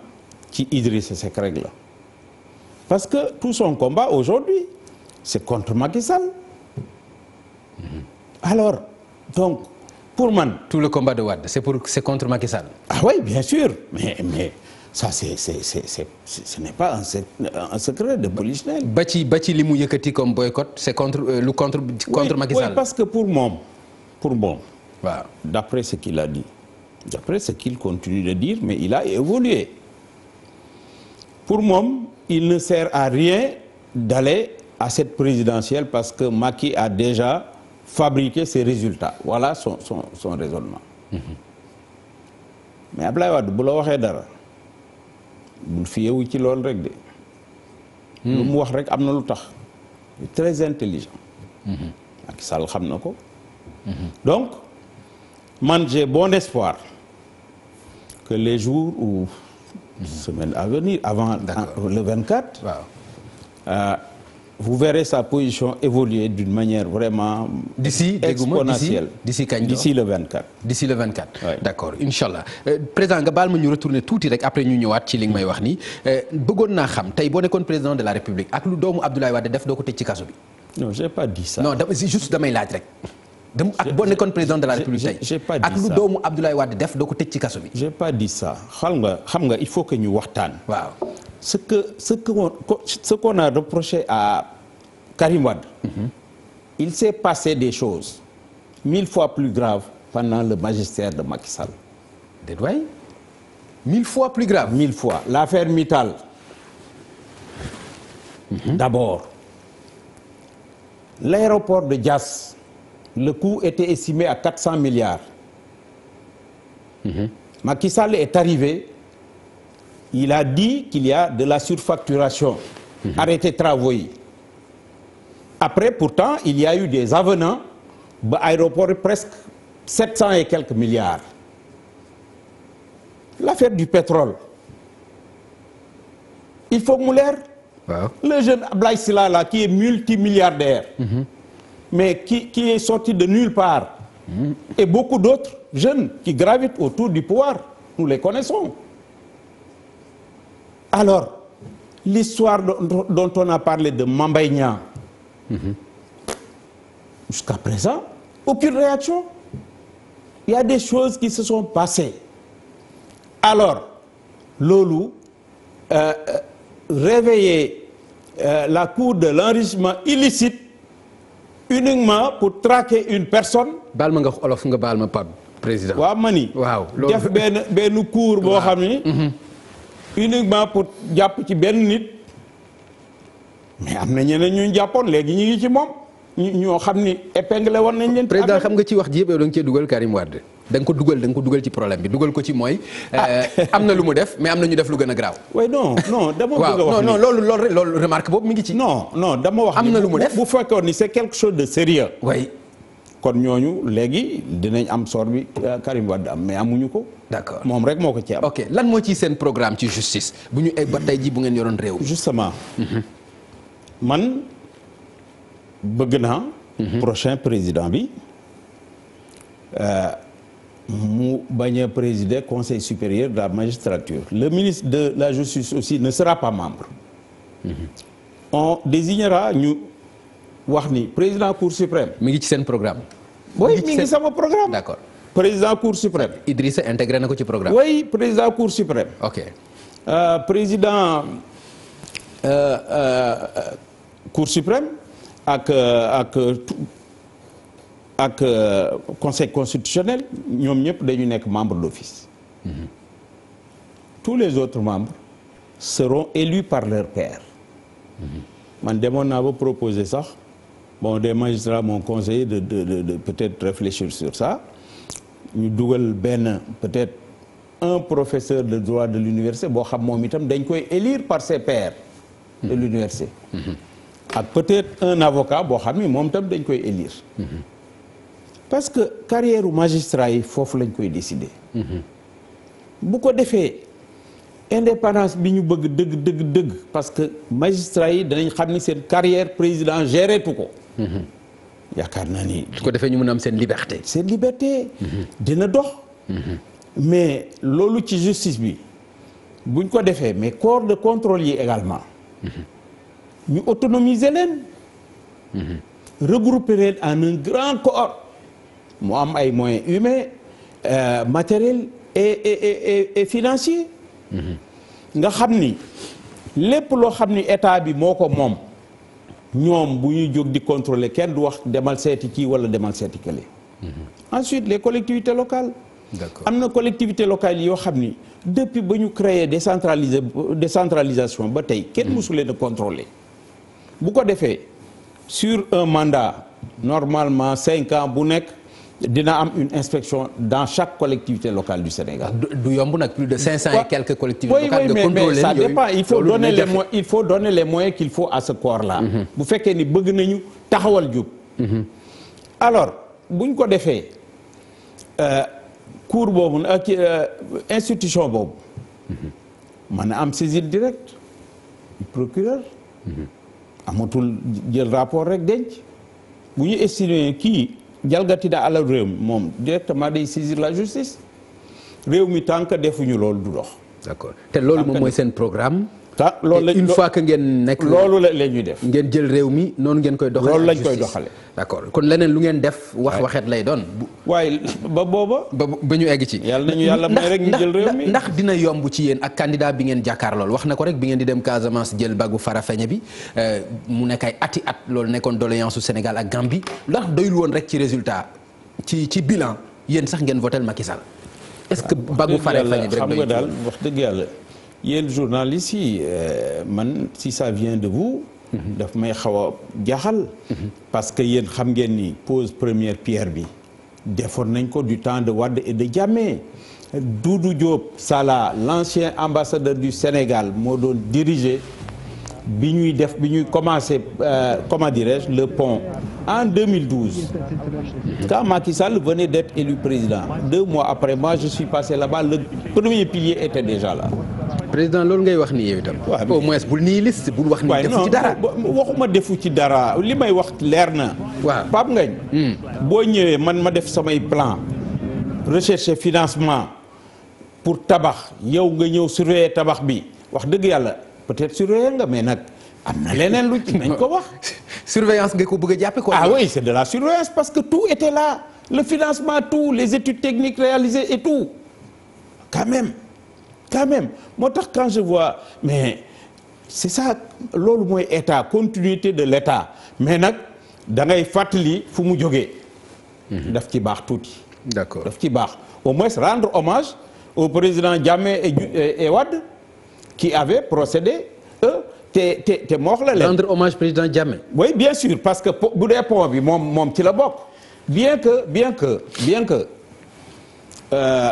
ci Idrissa Seck rek la parce que tout son combat aujourd'hui c'est contre Macky Sall alors donc pour man tout le combat de Wade c'est contre Macky Sall ah bien sûr mais mais ça c'est c'est c'est ce n'est pas un secret de Polichinelle. ba ci ba ci li mu yëkkati comme boycott c'est contre euh, lu contre contre Macky Sall. oui parce que pour moom pour moom. waaw d'après ce qu'il a dit d'après ce qu'il continue de dire mais il a évolué pour moom il ne sert à rien d'aller à cette présidentielle parce que Macky a déjà fabriqué ses résultats voilà son son son raisonnement. Mm-hmm. mais Ablaye Wade bu la waxee dara. bul fiyewu ci loolu rek de hmm. lu mu wax rek am na lu tax très intelligent hmm. Macky Sall xam na ko hmm. donc mange j'ai bon espoir que les jours ou semaines à venir avant le 24 waaw euh, vous verrez sa position évoluer d'une manière vraiment d'ici exponentielle d'ici kañ d'ici le 24 d'ici le 24 oui. d'accord inchallah euh, président nga baal ma ñu retourner tuuti rek après ñu ñëwaat ci li may wax nii euh, bëggoon naa xam tey boo nekkoon président de la république ak lu doomu Abdoulaye Wade def doo ko tëj ci kaso bi non juste damay laaj rek dem ak boo nekkoon président de la république tey ak lu doomu Abdoulaye Wade def doo ko tëj ci kaso j'ai pas dit ça xam nga xam nga il faut que ñu waxtaan. waaw ce que ce qu'on a reproché à Karim Wade. Mhm. il s'est passé des choses mille fois plus graves pendant le magistère de Macky Sall. déet waay mille fois plus grave. mille fois mhm. d'abord l'aéroport de Diass. le coût était estimé à 400 milliards. Mmh. Macky Sall est arrivé, il a dit qu'il y a de la surfacturation. Mmh. Arrêtez travaux yi. Après, pourtant, il y a eu des avenants ba aéroport presque 700 et quelques milliards. L'affaire du pétrole. Il faut mu leer. Le jeune Ablaye Sylla là qui est multimilliardaire. Mmh. mais qui, qui est sorti de nulle part. Mmh. Et beaucoup d'autres jeunes qui gravitent autour du pouvoir, nous les connaissons. Alors, l'histoire dont, dont on a parlé de Mame Mbaye Niang, mmh. jusqu'à présent, aucune réaction. Il y a des choses qui se sont passées. Alors, loolu euh, euh réveiller euh, la cour de l'enrichissement illicite uniquement pour traquer une personne. baal ma nga olof nga baal ma Pape président. waaw ma ni. waaw loolu def benn benn cours boo xam ni. Mhm. uniquement pour jàpp ci benn nit. mais am na ñeneen ñu jàppoon léegi ñu ngi ci moom. ñu xam ni épinglé woon nañ leen. président xam nga ci wax ji yëpp yow da nga cee dugal Karim Wade. danga ko dugal da nga ko dugal ci problème bi dugal ko ci mooy. Ah. Euh, am na lu mu def mais am na ñu def lu gën a graaw. waaye non non dama bëgg a wax non loolu loolu loolu remarque boobu mu ngi ci. no non dama wax. am na lu mu def bu fekkoon ni c'est quelque chose de sérieux. oui. kon ñooñu léegi dinañ am sor bi euh, Karim Wade am mais amuñu ko. d'accord moom rek moo ko ci am. lan moo ci seen programme ci justice bu ñu egg ba tey ji bu ngeen yoroon réew. justement mhm. man bëgg naa. Mhm. prochain président bi. Euh, mu bañ a présider conseil supérieur de la magistrature le ministre de la justice aussi ne sera pas membre mm -hmm. on désignera ñu wax ni président cour suprême mi ngi ci seen programme oui mi ngi sama programme d'accord président cour suprême Idrissa intégré na ko ci programme oui président cour suprême ok euh, président euh, euh, cour suprême ak euh, euh, ak euh, conseil constitutionnel ñoom ñëpp dañu nekk membre d'office mm -hmm. tous les autres membres seront élus par leur père man demoon naa ba proposer sax bon des magistrats m'ont conseillé de de, de de peut-être réfléchir sur sax ñu dugal benn peut-être un professeur de droit de l'université boo xam moom itam dañ koy élire par ses pairs de l'université mmh. Mmh. ak peut-être un boo xam ni moom itam dañ koy élire mmh. parce que carrière magistrat yi foofu lañ koy décider. Mm-hmm. bu ko defee indépendance bi ñu bëgg dëgg dëgg dëgg parce que magistrat yi danañ xam ni seen carrière président géretu ko. Mm-hmm. yaakaar naa ni. su ko defee ñu mën am seen liberté. seen liberté. Mm-hmm. dina dox. mais loolu ci justice bi buñ ko defee mais corps de contrôle yi également. ñu autonomiser leen. regrouper leen en un grand corps. mu am ay moyen humains euh, matériels et et et et financiers. nga xam ni lépp loo xam ni état bi moo ko moom ñoom bu ñuy jóg di contrôler kenn du wax demal seeti kii wala demal seeti kële. ensuite les collectivité locale d'accord am na collectivité locales yoo xam ni depuis ba ñu créer décentralisé décentralisation ba tey kenn mm-hmm. mësu leen a bu ko defee sur un mandat normalement cinq ans bu nekk. dina am une inspection dans chaque collectivité locale du Sénégal. Ah, du yomb nag plus de 500 et quelques collectivités locales. oui oui mais ça dépend il faut donner les moyens il faut donner à ce corps mhm. bu fekkee ni bëgg nañu taxawal jub. Mhm. alors buñ ko defee euh, cour boobu ak euh, euh, institution boobu. Mhm. mën na am saisine directe du procureur. amatul jël rapport rek denc bu ñu estimé kii. jalgati daa alal réew mi moom directement day saisir la justice réew mi tant que defuñu loolu du dox. d'accord te loolu moom mooy seen programme. ah loolu la une fois que ngeen nekk. loolu la ñuy def. ngeen jël réew mi noonu ngeen koy. doxalee loolu lañ koy doxale d'accord kon leneen lu ngeen def. wax waxet lay doon. waaye ba booba. ba ba ñu egg ci. yàlla nañu yàlla may rek ñu jël ndax dina yomb ci yéen ak candidat bi ngeen jàkkaar lool wax na ko rek bi ngeen di dem Casamance jël fara Farafeñe bi euh, mu nekk ay ati at loolu nekkoon doléance su Sénégal ak Gambie ndax doyul woon rek ci résultat ci ci bilan yéen sax ngeen votel Macky Sall. est-ce que bagu Farafeñe bi rek doyul xam nga daal wax dëgg yàlla yéen journaliste yi euh, man si ça vient de vous. daf may xaw a parce que yéen xam ngeen ni pose première pierre bi. defoon nañ ko du temps de Wade et de Jammeh Doudou Diop Sala l'ancien ambassadeur du Sénégal moo doon diriger bi ñuy def bi ñuy commencer euh, comment dirais-je le pont en 2012 quand Macky Sall venait d'être élu président deux mois après moi je suis passé là-bas le premier pilier était déjà là président loolu ngay wax nii yow itam. au moins bul nii liste bul wax nii defu ci dara waxuma defu ci dara li may wax leer na. waaw Pape Ngañ. Hmm. boo ñëwee man ma def samay plan recherche financement pour tabax yow nga ñëw surveiller tabax bi wax dëgg yàlla peut-être surveiller nga mais nag. am na leneen lu nañ ko wax. surveillance nga ko bëgg jàppe ko ah oui c'est de la surveillance parce que tout était là le financement tout les études techniques réalisées et tout quand quand moo tax quand vois mais c'est ça loolu mooy état continuité de l'état mais nag da ngay fàttali fu mu jógee. Mhm. daf ci baax tuuti. d'accord daf ci baax au moins rendre hommage au président Diamé et, wadd Wade qui avait procédé eux te te te moox la leen. rendre hommage président Diamé. oui bien sûr parce que bu dee pont bi moom moom ci la bokk bien que bien que bien que. Euh,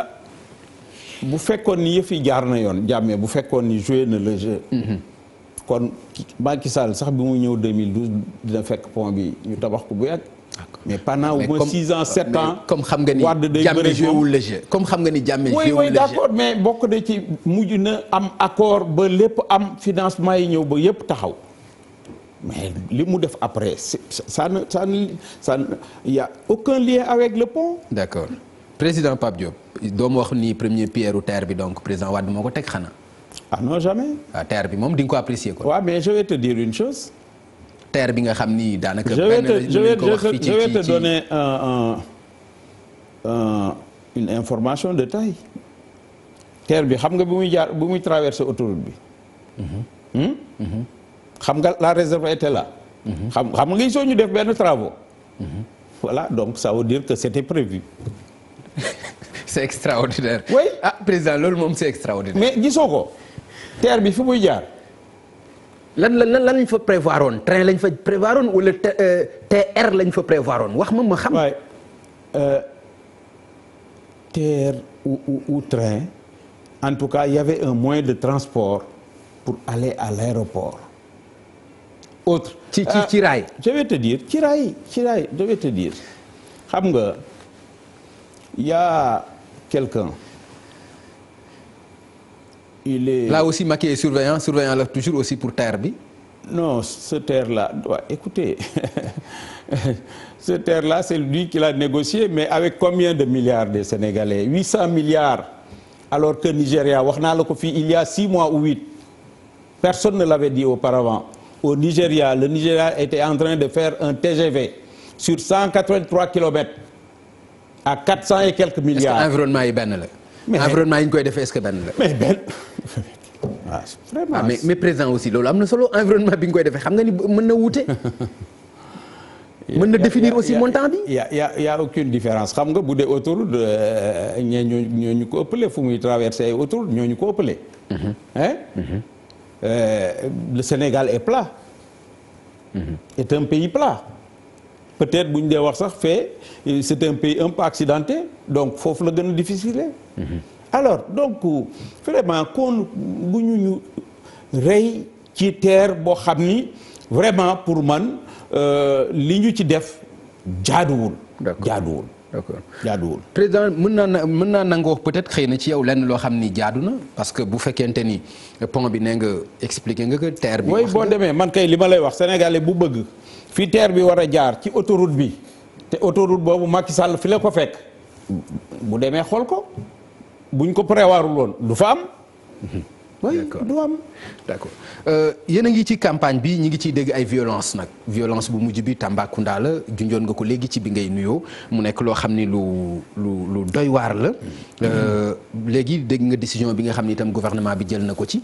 bu fekkoon ni yëf yi jaar na yoon jàmmee bu fekkoon ni joué na le mhm. kon Macky Sall sax bi mu ñëw 2012 dina fekk pont bi ñu tabax ko bu yàgg. mais pendant au moins 6 ans 7 ans. comme xam nga ni jàmme joué wul le xam nga ni jàmme joué wul le mais bokk na ci mujj na am accord ba lépp am financement yi ñëw ba yëpp taxaw. mais li mu def après ça ne ça ne ça ne y' aucun lien avec le pont. accord. président Pape Diop doo ma wax ni premier pierre u terre bi donc président Wade moo ko teg xanaa. ah non jamais. ah terre bi moom di nga ko apprécier ko waaw mais je vais te dire une chose. terre bi nga xam ni daanaka. je vais te je vais te information de taille. terre bi xam nga bu muy jaar bu muy traverser autoroute bi. Mhm. Hmm? Mhm. xam nga la réserve était là. Mhm. xam xam nga il ñu def benn travaux. voilà donc ça veut dire que c'était prévu. c'est extraordinaire. oui ah, président loolu moom c'est extraordinaire. mais gisoo ko terre bi fu muy jaar. lan lan la lañ fa prévoir woon train lañ fa prévoir woon wala TR euh, lañ fa prévoir wax ma ma xam. waay euh, ou, train en tout cas il y un moyen de transport pour aller à l'aéroport autre ci ci ci euh, raay. je vais te dire ci raay ci raay te dire xam nga. il y a quelqu'un il est là aussi Macky est surveillant la toujours aussi pour terre bi. non ce terre là doit écoutez ce terre là c'est lui qui l'a mais avec combien de milliards de Sénégalais 800 milliards alors que wax naa la ko fii il y mois ou 8 personne ne l'avait dit auparavant au Nigéria le Nigéria était en train de faire un TGV sur 183 kilomètres. à quatre cent et quelques milliards. est environnement yi benn la. mais environnement yi ñu koy defee est-ce que benn la. mais benn ah, ah, mais président aussi loolu am na solo environnement bi ñu koy defee xam nga ni mën na wuute. mën na définir aussi montant bi. y' ya y' a aucune différence xam nga bu dee autoroute euh, ñee ñu ko ëppale fu muy traversé ay autoroute ñoo ko ëppale. Mhm. Mhm. Euh, le Sénégal est plat. Mhm. est un pays plat. peut-être bu ñu dee wax sax fee c'est un pays un peu accidenté donc foofu la gën a difficile. Mm-hmm. alors donc vraiment kon bu ñu ñu rey ci terre boo xam ni vraiment pour man euh, li ñu ci def jaaduwul. jaaduwul. d'accord jaaduwul président mën naa na mën naa nangoo peut-être xëy na ci yow lenn loo xam ni jaadu na parce que bu fekkente ni pont bi ne nga expliqué nga ko terre bi. wax boo demee man kay li ma lay wax sénégalais bu bëgg. fi terre bi war a jaar ci autoroute bi te autoroute boobu Macky Sall fi la ko fekk bu demee xool ko buñ ko prévoirul woon du fa am. d'accord oui am. d'accord euh, yéen a ngi ci campagne bi ñu ngi ciy dégg ay violence nag violence bu mujj bi Tambacounda la junjoon nga ko léegi ci bi ngay nuyoo mu nekk loo xam ni lu lu lu doy waar la. Mm. Euh, léegi dégg nga décision bi nga xam ni itam gouvernement bi jël na ko ci.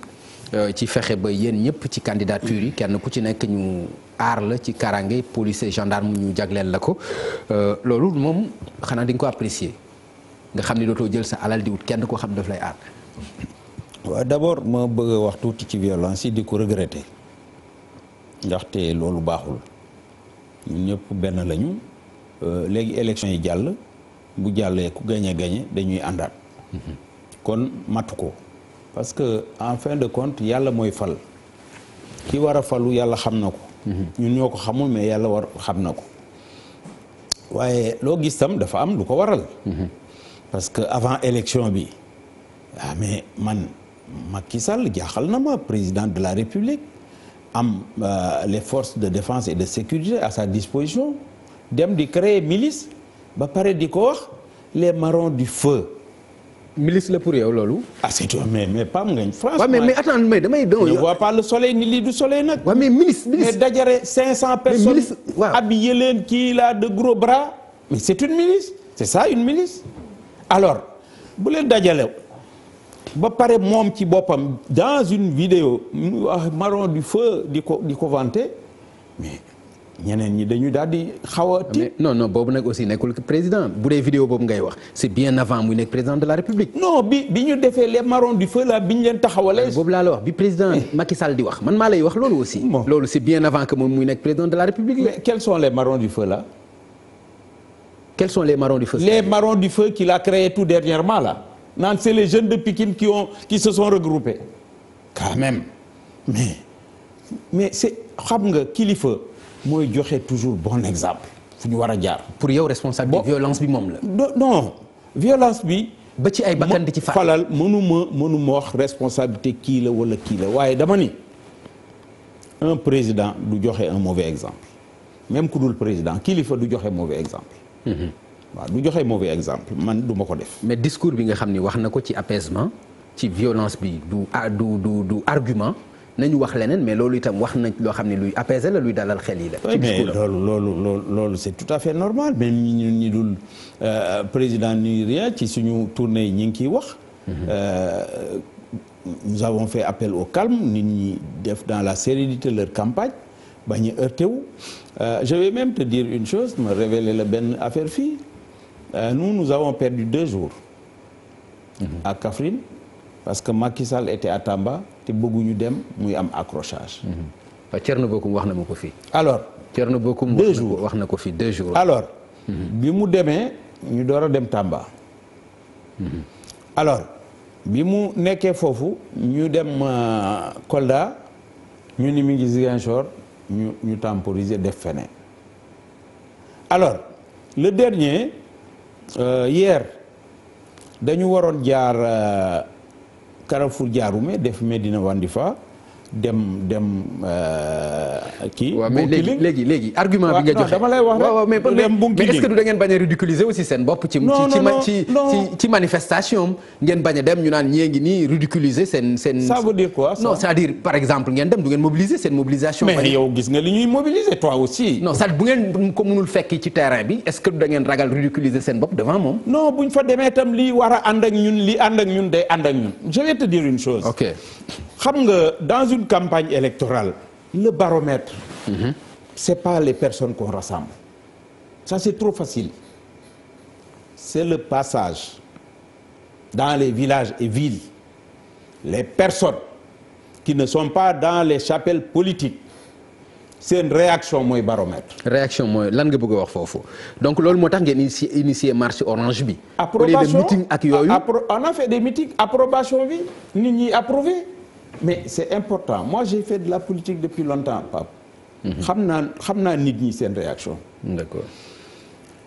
Euh, ci fexe ba yéen ñëpp ci candidature yi kenn ku ci nekk ñu aar la ci karange police gendarme ñu jagleel la ko euh, loolu moom xanaa di ko apprécier nga xam ni dootoo jël sa alal di wut kenn koo xam daf lay aar. waaw d'abord ma bëgg wax tuuti ci violence yi di ko regretter ndaxte loolu baaxul ñun ñëpp benn lañu euh, léegi élection yi jàll bu jàllee ku gañe gañe dañuy àndaat mm-hmm. kon matu ko. parce que en fin de compte yàlla mooy fal ki war a falu yàlla xam na ko mhm. ñun ñoo ko xamul mais yàlla war xam na ko waaye loo gis tam dafa am lu ko waral mhm. parce que avant élection bi ah mais man Macky Sall jaaxal na ma président de la République am euh, les forces de défense et de sécurité à sa disposition dem di créer milice ba pare di ko wax les marrons di feu milice la pour yow loolu. ah c'est tout mais mais PAM ngañ. franchement mais mais attends mais damay. damay ne vois pas le ni lii du soleil nag. waaw mais milice milice mais dajare 500 personnes. mais milice waaw habillé leen kii laa de gros bras. mais c'est une milice c'est ça une milice alors bu leen dajale ba pare moom ci boppam dans une vidéo marron du feu di ko di ko vanter mais. ñeneen ñi dañu daal di xaw a tiit boobu nag aussi nekkul président bu dee vidéo boobu ngay wax c'est bien avant muy nekk président de la république non bi bi ñu defee les marrons du feu la bi ñu leen taxawalee boobu laa la wax bi président Macky Sall wax man maa lay wax loolu aussi loolu c'est bien avant que moom muy nekk président de la république mais quels sont les marrons du feu là quels sont les marrons du feu les marrons du feu a créé tout dernièrement là naan c'est les jeunes de Pikine qui ont qui se sont regroupés quand même mais mais c'est xam nga kilifa mooy joxe toujours bon exemple fu ñu war a jaar. pour yow responsable violence bi moom la. non violence bi. ba ci ay bakkan di ci faat falal mënuma mënuma wax responsabilité kii la wala kii la waaye dama ni un président du joxe un mauvais exemple même ku dul président kilifa du joxe mauvais exemple. Mhm. waaw du joxe mauvais exemple man du ma ko def. mais discours bi nga xam ni wax na ko ci apaisement ci violence bi du du du du argument. nañu wax leneen mais loolu itam wax nañ loo xam ne luy apaiser la luy dalal xel yi la. ci loolu loolu loolu loolu c'est tout à fait normal même ñun ñu dul euh, président Nigeria ci suñu tournée yi ñu ngi ciy wax. Mhm. Euh, nous avons fait appel au calme nit ñi def dans la sérénité leur campagne ba ñu heurté wu euh, je vais même te dire une chose ma révéler la benn affaire fii nous nous avons perdu deux jours. Mhm. à Kaffrine parce que Macky Sall était à Tamba. te bëgguñu dem muy am accrochage. waaw mhm. Thierno Bocoum wax na ko fii. alors Thierno Bocoum. deux jours wax na ko fi deux jours. alors mhm. bi mu demee ñu door a dem tàmba mhm. alors bi mu nekkee foofu ñu dem euh, Kolda ñu ni mi ngi ñu ñu temporiser def fene alors le dernier euh, dañu waroon jaar. Euh, Carrefour Diaroume def Medina Wandifa dem dem euh, kii. waaw mais léegi léegi léegi argument bi nga joxe dama lay wax rek mais mais est-ce que du da ngeen bañ a ridiculiser aussi seen bopp. ci ci ci ci manifestation am ngeen bañ a dem ñu naan ñee ngi nii ridiculiser seen seen. ça veut dire quoi non c'est-à-dire par exemple ngeen dem du ngeen mobiliser seen mobilisation. mais yow gis nga li ñuy mobiliser toi aussi. non c'est-à-dire bu ngeen ko mënul fekki ci terrain bi est-ce que du da ngeen ragal ridiculiser seen bopp devant moom. non buñ fa demee itam li war a ànd ak ñun li ànd ak ñun day ànd ak ñun je vais te dire une chose. ok. xam nga dans une campagne électorale le baromètre mm c'est pas les personnes qu'on rassemble ça c'est trop facile c'est le passage dans les villages et villes les personnes qui ne sont pas dans les chapelles politiques seen réaction mooy baromètre. réaction mooy lan nga bëgg wax foofu donc loolu moo tax ngeen initier initier marche orange bi. approbation au lieu de meeting ak yooyu. on a fait des meetings approbation bi ñi approuvé. mais c'est important moi j'ai fait de la politique depuis longtemps Pape xam naa xam naa nit ñi seen réaction d'accord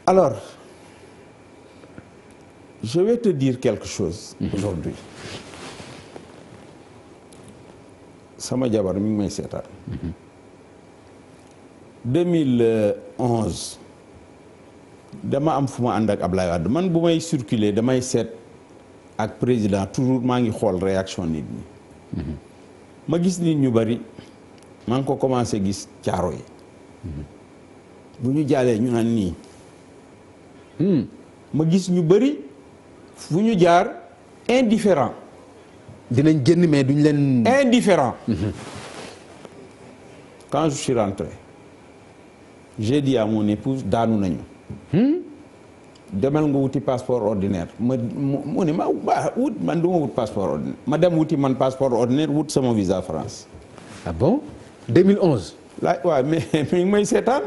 alors je te dire quelque chose mhm. aujourd'hui sama jabar mi ngi may seetaan 2011 mhm. dama am fu ma ànd ak Ablaye Wade man bu may circuler damay seet ak président toujours maa ngi xool réaction nit ñi ma gis nit ñu bari maa ngi ko commencé gis caaro yi bu ñu jaalee ñu naan nii hmm. ma gis ñu bari fu ñu jaar indifférent dinañ génn mais duñ leen indifférent mhm. quand je suis rentré j'ai dit à mon épouse daanu nañu hmm? demal nga wuti passeport ordinaire ma mu ne ma waa wut man du wut passeport ordinaire ma dem wuti man passeport ordinaire wut sama visa France. ah bon 2011. laaj waaw mais mi ngi may seetaan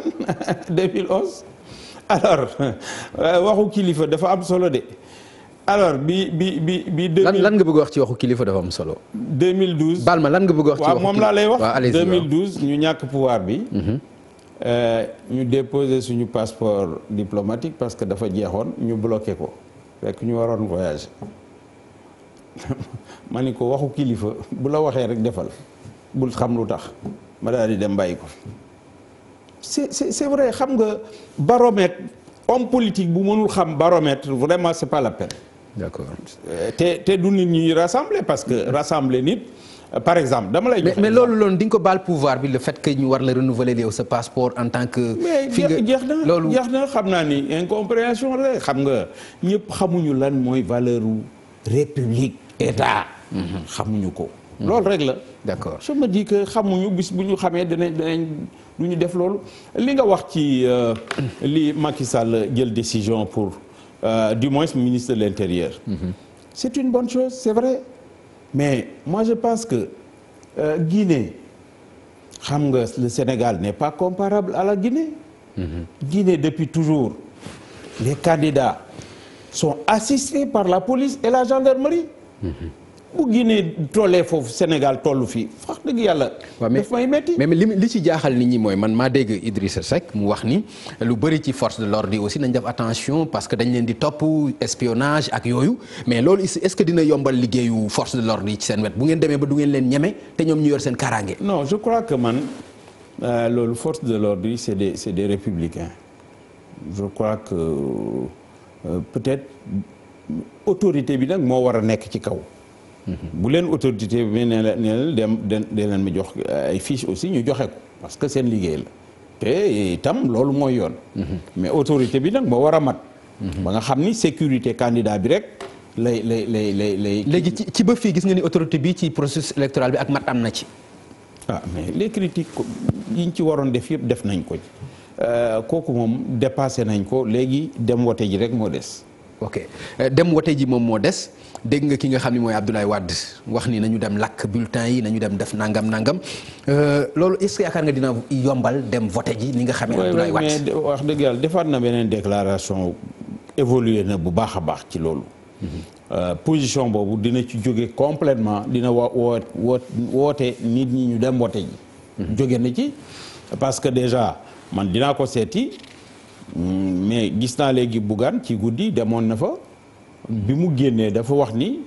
2011 alors euh, waxu kilifa dafa am solo de alors bi bi bi bi. 2000 lan lan nga bëgg wax ci waxu kilifa dafa am solo. 2012 Balma lan nga bëgg wax ci waxu. moom laa lay wax 2012 ñu ñàkk pouvoir bi. Mhm. Euh, ñu déposé suñu passeport diplomatique parce que dafa jeexoon ñu bloqué ko rekk ñu waroon voyage ma ni ko waxu kilifa bu la waxee rek defal bul xam lu tax ma daal dem bàyyi ko c'est c'est vrai xam nga baromètre homme politique bu mënul xam baromètre vraiment c'est pas la peine. Euh, te du nit ñuy rassembler parce que rassembler nit. Euh, par exemple dama lay. mais loolu loolu di nga ko baal pouvoir bi le fait que ñu war la renouveler yow sa passeport en tant que. fi nga jeex na jeex na xam naa ni incompréhension la xam nga ñëpp xamuñu lan mooy valeur république état. Mhm. xamuñu ko. loolu rek la. d'accord je me dis que xamuñu bis bu ñu xamee dinañ dinañ du ñu def loolu li nga wax ci euh, li Macky Sall jël décision pour euh, du moins ministre de l'intérieur. Mhm. c'est une bonne chose c'est vrai. mais moi je pense que euh, Guinée xam nga le Sénégal n'est pas comparable à la Guinée. Mmh. Guinée depuis toujours les candidats sont assistés par la police et la gendarmerie. Mmh. bu Guinée tollee foofu Sénégal tollu fii wax dëgg yàlla. daf may metti mais li li ci jaaxal nit ñi mooy man maa dégg Idrissa Seck mu wax ni lu bëri ci force de l'ordre yi aussi nañ def attention parce que dañ leen di topp espionnage ak yooyu mais loolu est-ce que dina yombal liggéeyu force de l'ordre yi ci seen wet bu ngeen demee ba du ngeen leen ñeme te ñoom ñu yor seen kaaraange. non je crois que man euh, loolu force de l'ordre yi c'est de c'est des républicains je crois que euh, peut-être autorité bi nag moo war a nekk ci kaw. bu leen autorité bi ne la ne la dem de leen ma jox ay fiche aussi ñu joxe ko parce que seen liggéey la te itam loolu mooy yoon. mais autorité bi nag moo war a mat. ba nga xam ni sécurité candidat bi rek. lay lay lay léegi ci ci ba fii gis nga ni autorité bi ci processus électoral bi ak mat am na ci. ah mais les critiques yi ñu ci waroon def yëpp def nañ ko ci euh, kooku moom dépassé nañ ko léegi dem wote ji rek moo des. ok euh, dem wote ji moom moo des. dégg nga ki nga xam ni mooy Abdoulaye Wade wax ni nañu dem lakk bulletin yi nañu dem def nangam nangam euh, loolu est-ce yaakaar nga dina yombal dem voté ji ni nga xamee Abdoulaye Wade mais wax dëgg yàlla defaat na beneen déclaration évolué na bu baax a baax ci loolu mhm. euh, position boobu dina ci jóge completement dina wa woo woote nit ñi ñu dem voté ji mhm. jóge na ci parce que déjà man dinaa ko seeti mais gis naa léegi Bougane ci guddi demoon na fa bi mu génnee dafa wax ni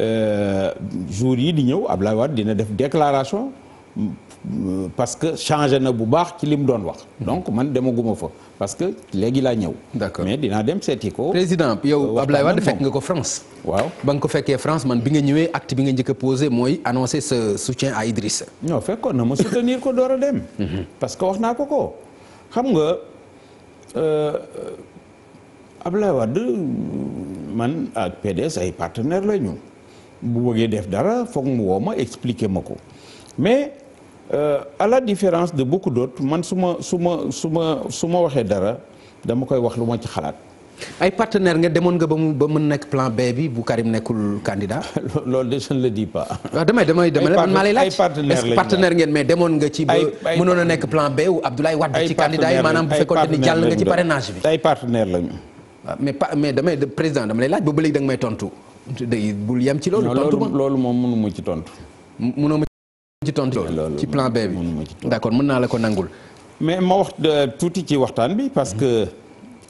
euh, jour yi di ñëw Ablaye Wade dina def déclaration euh, parce que changé na bu baax ci li mu doon wax. donc man demaguma fa parce que léegi laa ñëw. d'accord mais dinaa dem seeti ko. président yow euh, Ablaye Wade fekk nga ko France. waaw ba nga ko fekkee France man bi nga ñëwee act bi nga njëkk a posé mooy annoncer sa soutien à Idriss. non fekkoon na ma soutenir ko door a dem. Mhm. parce que wax naa ko ko xam nga Ablaye Wade. man ak PDS ay partenaire la ñu bu bëggee def dara foog mu woo ma expliquer ma ko mais euh, à la différence de beaucoup d'autres man su ma su ma su ma su ma waxee dara dama koy wax lu ma ci xalaat. ay partenaire nga demoon nga ba mu ba mën nekk plan B bi bu Karim nekkul candidat. loolu de je ne le dis pas. waaw ah, damay damay damay man maa lay laaj ay ngeen mais demoon nga ci ba mënoon a nekk plan B wu Abdoulaye Wade ci candidat yi maanaam bu fekkoon ni jàll nga bi. ay partenaire lañu. Ah, mais pas mais damay président dama lay laaj ba ba léegi da nga may tontu bul yem ci loolu. tontu ma loolu moom mënu ma ci tontu. mënoo ma ci tontu. ci plan B bi d'accord mën naa la ko nangul. mais ma wax euh, tuuti ci waxtaan bi parce que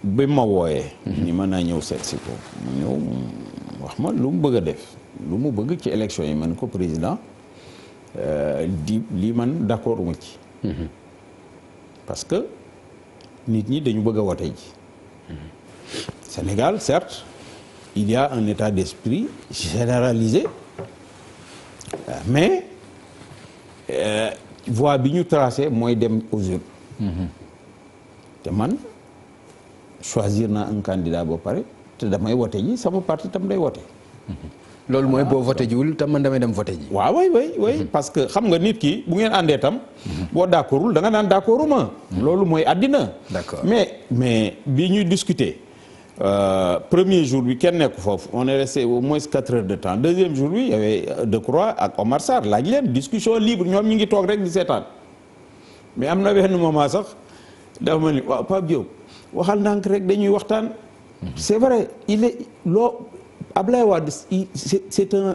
bi ma wooyee. ni mhm. mën naa ñëw seet si ko mu ñëw wax ma lu mu bëgg a def lu mu bëgg ci élection yi man ko président euh, di lii man d'accord mu ci. Mhm. parce que nit ñi dañu bëgg a wote ji. Sénégal, certes, il y a un état d'esprit généralisé, euh, mais euh, voie bi ñu tracé mooy dem aux mhm. te man choisir na un candidat boo pare te damay wote ji sama parti tam day wote. Mhm. loolu mooy boo voté jiwul tam man damay dem voté ji. waaw way way mhm. parce que xam nga nit ki bu ngeen àndee tam. boo d'accordul da nga naan d'accorduma. loolu mooy àddina. d'accord mais mais bi ñuy discuter. Euh, premier jour bi kenn nekk foofu on est resté au moins quatre heures de temps deuxième jour bi y avait Decroix ak Omar Sarr laaj leen discussion libre ñoom ñu ngi toog rek di seetaan mais am na benn moment sax dafa ma ni waaw Pape waxal ndànk rek dañuy waxtaan. c'est vrai il est loo Ablaye Wade c'est c'est un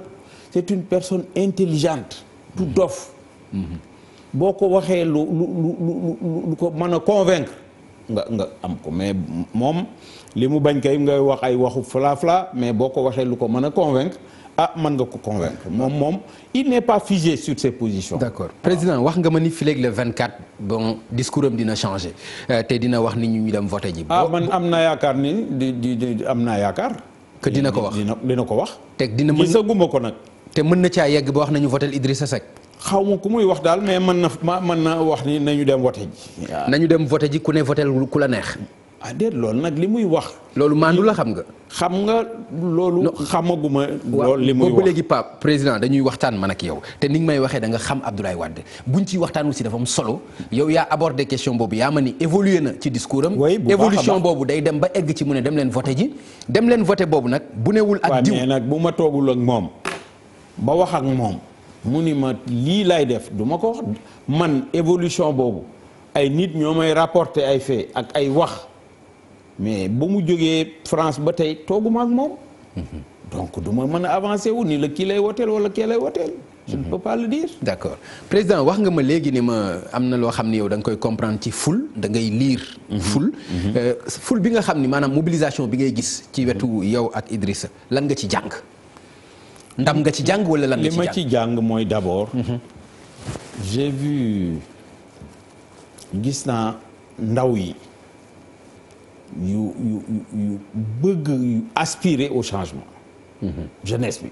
c'est une personne intelligente. tout mhm. dof. boo ko waxee lu lu lu lu ko mën a convaincre. nga nga am ko mais moom li mu bañ kay ngay wax ay waxu fla fla mais boo ko waxee lu ko mën a convaincre ah mën nga ko convaincre moom moom il n'est pas figé sur ses positions. d'accord président wax nga ma ni fileeg le 24 bon discours am dina changer euh, te dina wax ni ñi ñu dem voter ji. ah man am naa yaakaar ni di di di am naa yaakaar. que dina ko wax dina dina ko wax. teg dina mën na ko nag. te mën na caa yegg ba wax nañu votel sa Seck. xaw ma ku muy wax daal mais mën na mën na wax ni nañu dem voter ji. nañu dem voter ji ku ne votel ku la neex. ah déet nag li muy wax. loolu maandu la xam nga. xam nga loolu. xamaguma loolu li muy wax léegi Pape président dañuy waxtaan man ak yow te ni nga may waxee danga nga xam Abdoulaye Wade buñ ci waxtaan si dafa mu solo yow yaa abordé question boobu yaa ma ni évolué na ci discours am. évolution boobu day dem ba egg ci mu dem leen voté ji dem leen voté boobu nag bu newul ak diw nag bu ma toogul ak moom ba wax ak moom mu ni ma lii laay def du ma ko man évolution boobu ay nit ñoo may rapporté ay fait ak ay wax. mais ba mu jógee France ba tey toogu ak moom. donc du ma mën a avancer wu ni la kii lay woteel wala kii lay woteel. je ne peux pas le dire. d' accord président wax nga ma léegi ni ma am na loo xam ni yow danga koy comprendre ci ful da ngay lire. ful euh, ful bi nga xam ni maanaam mobilisation bi ngay gis. ci wetu yow ak Idrissa lan nga ci jàng. ndam nga ci jàng wala lan nga ci jàng jàng mooy d' abord. Mhm. j'ai vu gis naa ndaw yi. yu bëgg yu aspirer au changement. jeunesse bi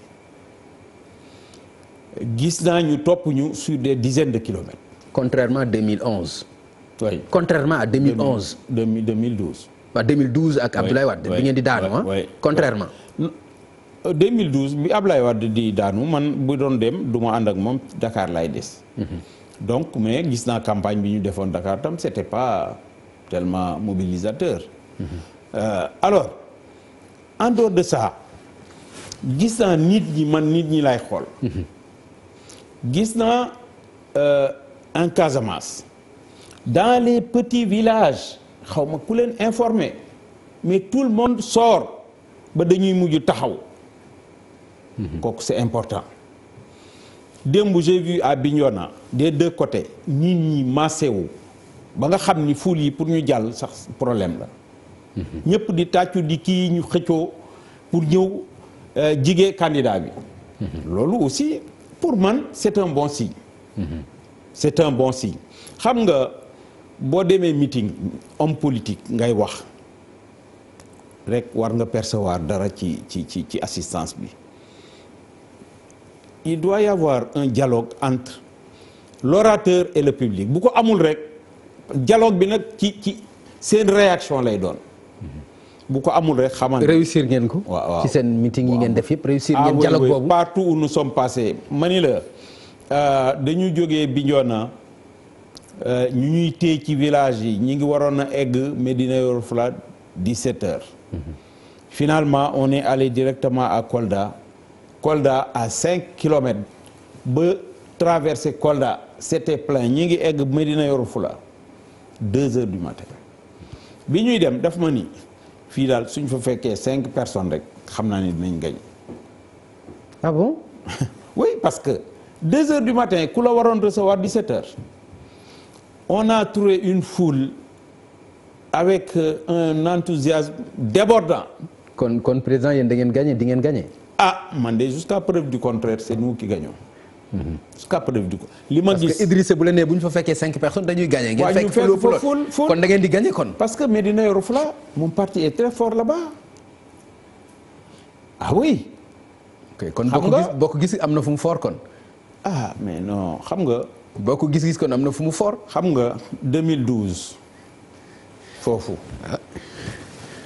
gis naa ñu topp ñu sur des dizaines de kilomètres. contrairement à 2011. oui contrairement à 2011. 2000 2012. waaw 2012 ak Abdoulaye Wade. bi ngeen di daanu ah contrairement. 2012 euh, bi Abdoulaye Wade di daanu man bu doon dem du ma ànd ak moom Dakar lay des. Mhm. donc mais gis naa campagne bi ñu defoon Dakar tam c'était pas tellement mobilisateur. Euh, alors en dehors de ça gis naa nit ñi man nit ñi lay xool. gis naa euh, en Casamance. dans les petits villages xaw ma ku leen informé mais tout le monde sort ba dañuy mujj taxaw. kooku c'est important. démb j'ai vu à Bignona des deux côtés nit ñi massé wu ba nga xam ni foule yi pour ñu jàll sax problème la. ñëpp di tàccu di kii ñu xëccoo pour ñëw euh, jigee candidat bi loolu aussi pour man c'est un bon signe c'est un bon signe xam nga boo demee meeting homme politique ngay wax rek war nga percevoir dara ci ci ci ci assistance bi il doit y avoir un dialogue entre l'orateur et le public bu ko amul rek dialogue bi nag ci ci seen réaction lay doon bu ko amul rek xamal réussir ngeen ko. waaw ci seen meeting yi ngeen def yëpp. réussir ngeen ah, dialogue boobu partout où nous sommes passés mani la euh, dañu jógee Bignona euh, ñu ñuy téye ci village yi ñu ngi waroon a egg Médina Yoro Foulah 17h. Mhm. finalement on est allé directement ak Kolda Kolda à 5 kilomètres ba traversé Kolda c'était plein ñu ngi egg Médina Yoro Foulah deux h du matin bi ñuy dem daf ma ni. fii daal suñ fa fekkee cinq personnes rek xam naa ne dinañ gañ ah bon oui parce que deux heures du matin ku la waroon recevoir 17 heures on a trouvé une foule avec euh, un enthousiasme débordant kon kon président yéen da ngeen gagné di ngeen gagné ah man de jusqu'à preuve du contraire c'est nous qui gagnons scap def di ko li ma gis parce bu la nee buñ ñu fa fekkee cinq personnes dañuy gagné. ngeen fekk ful ful kon da ngeen di gagné kon. parce que Médina Yoro Foulah mon parti est très fort là-bas ah oui. kon boo ko gis boo ko gis am na fu mu foor kon. ah mais non xam nga. boo ko gis-gis kon am na fu mu fort. xam nga 2012 foofu. Ah.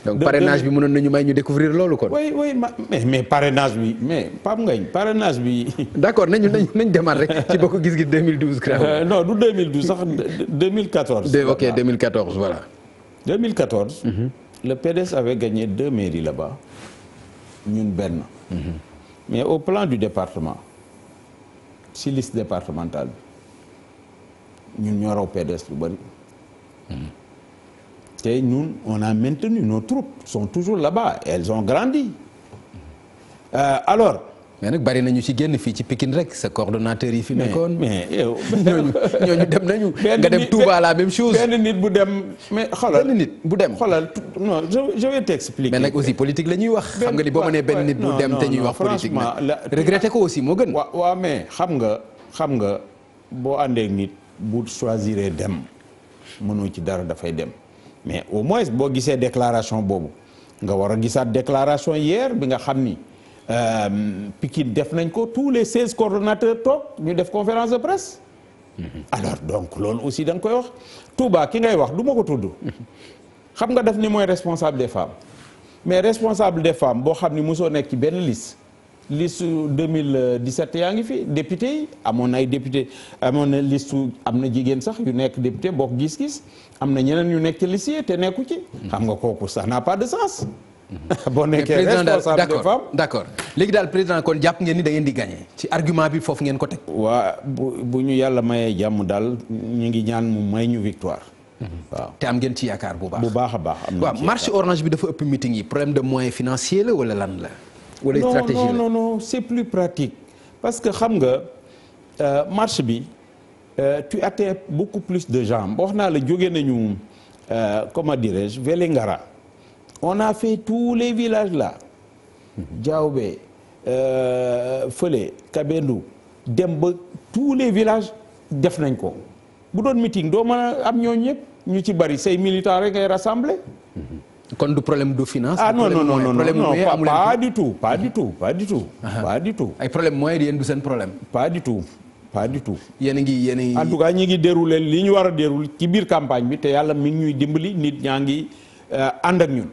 donc parrainage bi mënoon nañu may ñu découvrir loolu kon. oui oui mais mais parrainage bi mais Pape Ngagne parrainage bi. d' accord nañu nañu nañu demaat rek ci bokk gis-gis 2012. Euh, non du sax 2014. de ok 2014 voilà. 2014. Mhm. le PDS avait gagné deux mairies là-bas ñun benn. Mhm. mais au plan du département si liste départementale bi ñun ñoo raw lu bëri. Mhm. Et nous, on a maintenu, no troupes sont toujours là-bas, elles ont grande Euh, alors. mais nag bari nañu ci génn fii ci Pikine rek sa coordonnateur yi fi nekkoon. mais eh, oh. ñooñu ñooñu dem nañu. nga dem Touba la même chose. benn nit bu dem mais xoolal benn bu dem. xoolal non je vais t'expliquer. mais nag aussi politique la ñuy wax. xam nga ni boo mënee benn nit bu dem te ñuy wax politique nag regretté ko aussi moo gën. waa waaw mais xam nga xam nga boo àndee nit bu choisiree dem mënoo ci dara dafay dem. mais au moins boo gisee déclaration boobu nga war a gisaat déclaration hier bi nga xam ni euh, Pikine def nañ ko tous les seize coordonnateurs toog ñu def conférence de presse. Mm-hmm. alors donc loolu aussi da nga koy wax Touba ki ngay wax du ma ko tudd. Mm-hmm. xam nga def ni mooy responsable des femmes mais responsable des femmes boo xam ni mosoo nekk ci benn liste. liste 2017 yaa ngi fi député yi amoon ay député amoon na listu am na jigéen sax yu nekk député bokk gis-gis am na ñeneen yu nekk ci yi te nekku ci. xam nga kooku sax n'a pas de sens. boo nekkee responsable des femmes d'accord léegi daal président kon jàpp ngeen ni da ngeen di gagné ci argument bi foofu ngeen ko teg. waa bu bu ñu yàlla mayee jàmm daal ñu ngi ñaan mu may ñu victoire. Mhm. te am ngeen ci yaakaar bu baax. bu baax a baax am waaw marché orange bi dafa ëpp meeting yi problème de moyens financiers la wala lan la. wala stratégie la non non non c'est plus pratique parce que xam nga euh, marche bi euh, tu atteins beaucoup plus de gens wax naa la jóge nañu euh, comment dirais-je Vélingara on a fait tous les villages là Diaobé euh, Fële Kabendou dem ba tous les villages def nañ ko bu doon meeting doo a am ñooñu ñëpp ñu ci bari say militants rek ngay rassembler mhm. kon du problème du finance. ah non non non non non pas du tout pas du tout pas du tout. ay problème mooy yéen du seen problème. pas du tout pas du tout. yéen a ngi yéen a ngi. en tout cas ñi ngi déroulé li ñu war a ci biir campagne bi te yàlla mi ngi ñuy dimbali nit ñaa ngi euh, ànd ak ñun.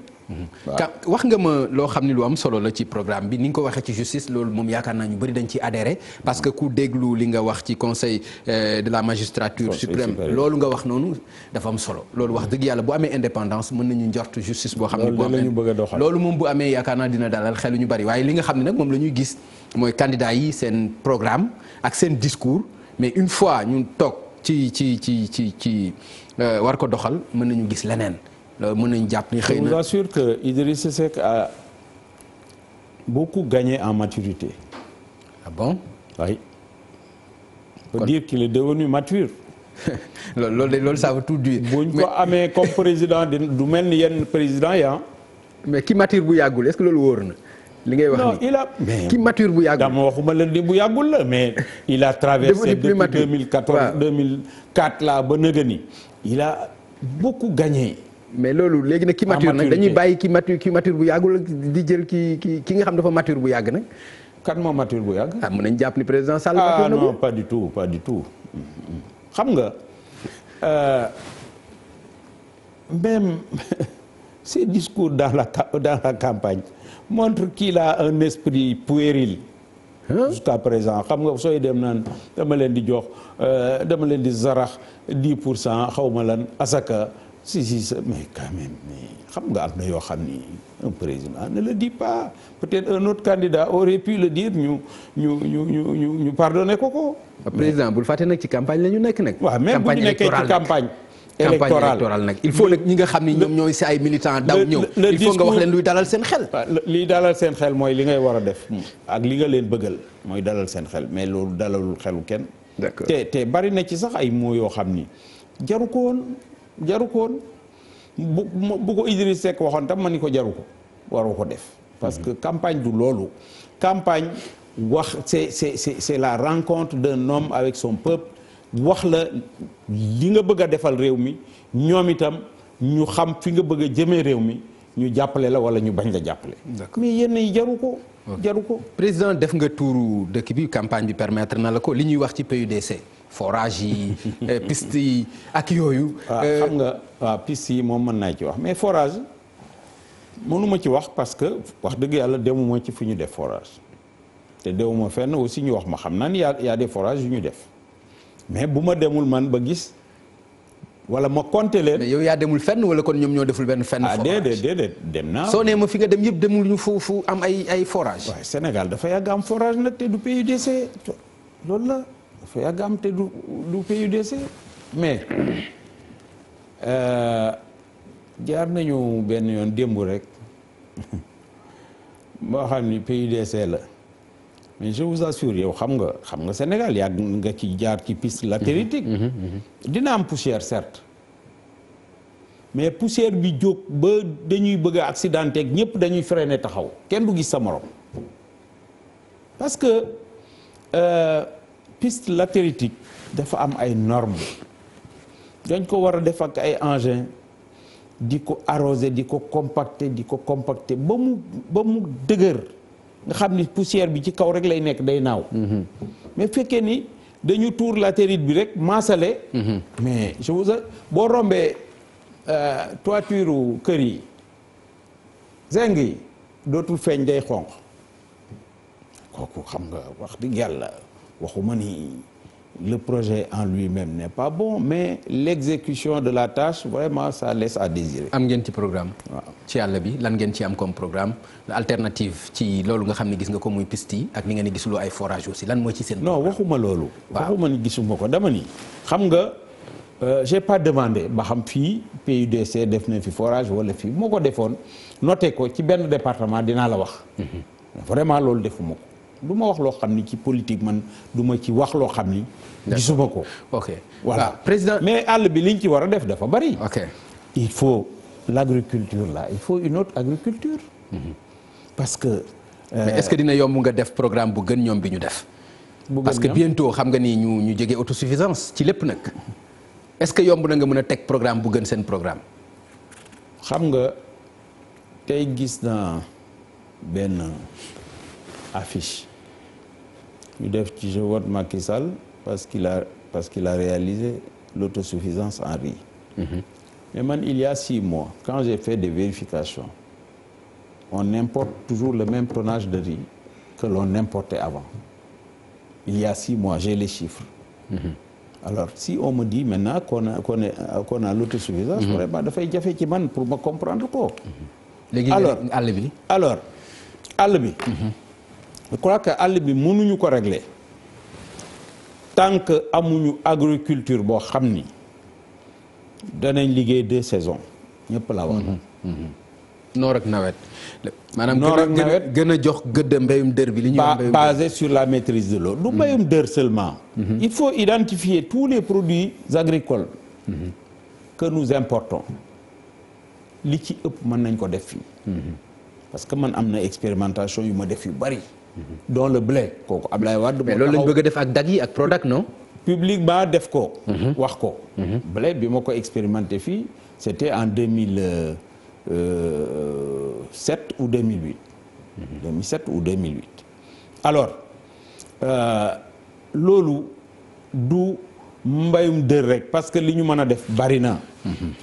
wax nga ma loo xam ne lu am solo la ci programme bi ni nga ko waxee ci justice loolu moom yaakaar naa ñu bëri dañ ciy adhéré parce que ku déglu li nga wax ci conseil euh, de la magistrature suprême loolu nga wax noonu dafa am solo loolu wax dëgg yàlla bu amee indépendance mën nañu njort justice boo xam ne loolu moom bu amee yaakaar naa dina dalal xelu ñu bëri waaye li nga xam ne nag moom la gis mooy candidat yi seen programme ak seen discours mais une fois ñu toog ci ci ci ci ci euh, war ko doxal mën nañu gis leneen Euh, mën nañ jàpp ni xëy assure que Idriss Seck a beaucoup gagné en maturité. Ah bon oui. on peut Quand... dire qu'il est devenu mature. loolu de loolu ça veut tout dire. bu ñu ko amee comme président du mel ni yenn président yi ah. mais ki mature bu yàggul est-ce que loolu wóor na. li ngay wax non il a. mature bu yàggul dama waxuma la ni bu yàggul la mais. il a traversé depuis 2014 2004 là ba nëgëni. il a beaucoup gagné. mais loolu léegi nag ki mature nag dañuy bàyyi ki mature ki mature bu yàggul di jël ki ki ki nga xam dafa mature bu yàgg nag. kan moo mature bu yàgg. ah mën nañu jàpp ni président Sall. ah non pas du tout pas du tout. xam nga euh, même ces discours dans la dans la campagne montrent qu'il a un esprit puéril. jusqu'à présent xam nga sooy dem naan dama leen di jox euh, dama leen di zarax 10 pour cent xaw ma lan asaka. si si ça mais quand même mais xam nga am na yoo xam ni un président ne le dit pas peut-être un autre candidat aurait pu le dire ñu ñu ñu ñu ñu ñu pardonné ko ko. Ah, président bul te nag ci campagne la ñu nekk nag. waaw même bu ñu nekkee ci campagne. campagne nag il faut nag ñi nga xam ni ñoom ñooy si ay militants daw ñëw il faut nga wax leen luy dalal seen xel. liy dalal seen xel mooy li ngay war a def. ak li nga leen bëggal mooy dalal seen xel mais loolu dalalul xelu kenn. d'accord na ci sax ay mots yoo xam jaru ko woon bu bu ko Idriss Seck waxoon tam ma ni ko jaru ko waroo ko def parce que campagne du loolu campagne wax c'est c'est c'est la rencontre de homme avec son peuple wax la li nga bëgg a defal réew mi ñoom itam ñu xam fi nga bëgg a jëmee réew mi ñu jàppale la wala ñu bañ la jàppale. mais yenn yi jaru ko. jaru ko président def nga tuuru dëkk bi campagne bi permetre na la ko li ñuy wax ci PUDC. forage yi eh, piste yi ak yooyu. Eh, xam nga waaw piste yi moom mën naa ci wax mais forage mënuma ci wax parce que wax dëgg yàlla demuma ci fi ñu def forage te demuma fenn aussi ñu wax ma xam naa ni y' y' des forages yu ñu def mais bu ma demul man ba gis. wala ma compter leen. mais yow yaa demul fenn wala kon ñoom ñoo deful benn fenn. Ah, forage ah déedéet dem naa. soo nee ma fi nga dem yëpp demul ñu fu am ay ay forage waaye Sénégal dafa yàgg am forage nag te du PUDC loolu la. dafa yàgg am te du de PUDC mais euh, jaar nañu benn yoon démb rek moo xam ni PUDC la mais je vous assure yow xam nga xam nga Sénégal yàgg nga ci jaar ci piste latéritique mm-hmm, mm-hmm, mm-hmm. dina am poussière certes mais poussière bi jóg ba dañuy bëgg a accidenté ñëpp dañuy freiné taxaw kenn du gis sa morom parce euh, piste latéritique dafa am ay normes dañ ko war a def ak ay engins di ko arrosé di ko compacter di ko compacter ba mu ba mu dëgër nga xam ni poussière bi ci kaw rek lay nekk day naaw. Mhm. mais fekkee ni dañu tuur latérite bi rek maasale. Mhm. mais je vous ai boo rombee euh, toiture kër yi zeng yi dootul feeñ day xonq kooku xam nga wax di yàlla. waxuma ni le projet en lui-même ne pas bon mais l'exécution de la tâche vraiment ça laisse à désirer. am ngeen ci programme. waaw ci àll bi lan ngeen ci am comme programme alternative ci loolu nga xam ne gis nga ko muy piste yi ak ni ngeen di gisuloo ay forage aussi lan mooy ci seen. non waxuma loolu. waxuma ni gisuma ko dama ni xam nga. Euh, pas demandé ba xam fii PUDC def na fi forage wala fii moo ko defoon noté ko ci benn département dinaa la wax. Mhm. vraiment loolu defuma du ma wax loo xam ni ci politique man duma ci wax loo xam ni. gisuma ko. ok voilà président mais àll bi liñ ci war a def dafa bari. ok il faut l' agriculture là il faut une autre agriculture. Mhm. parce que. Euh, est ce que dina yomb nga def programme bu gën ñoom bi ñu def. parce que bientôt xam nga ni ñu ñu jege autosuffisance ci lépp nag. est ce que yomb na nga mën a teg programme bu gën seen programme. xam nga tey gis na benn. affiche ñu def ci je vote Macky Sall parce qu'il a parce qu'il a réalisé l'autosuffisance en riz mm -hmm. mais man il y a six mois quand j'ai fait des vérifications on importe toujours le même tonnage de riz que l'on importait avant il y a six mois j'ai les chiffres mhm. alors si on me dit maintenant qu'on a qu'on a a l'autosuffisance mhm. jafe ci man pour ma comprendre ko mhm. alors àll bi je crois que àll bi mënuñu ko régler tant que amuñu agriculture boo xam ni danañ liggéey deux saisons ñëpp laa wax. noor ak nawet. maanaam noor ak nawet gën a jox gëdd mbéyum dër bi. li ñu wax basé sur la maîtrise de l'eau du mhm. mbéyum dër seulement. Mhm. il faut identifier tous les produits agricoles. Mhm. que nous importons. li ci ëpp mën nañ ko def fii. parce que man am na expérimentation yu ma def yu bari. dans le blé kooku ab Ablaye Wade. mais loolu lañ bëgg a def ak dag yi ak Prodac non. public ba def ko. Mhm. wax ko. Mhm. blé bi ma ko expérimenté fii c' était en euh, euh, mhm. deux mille sept ou deux mille huit. deux mille sept ou alors euh, loolu du mbayum dër rek parce que li ñu mën a def bari na.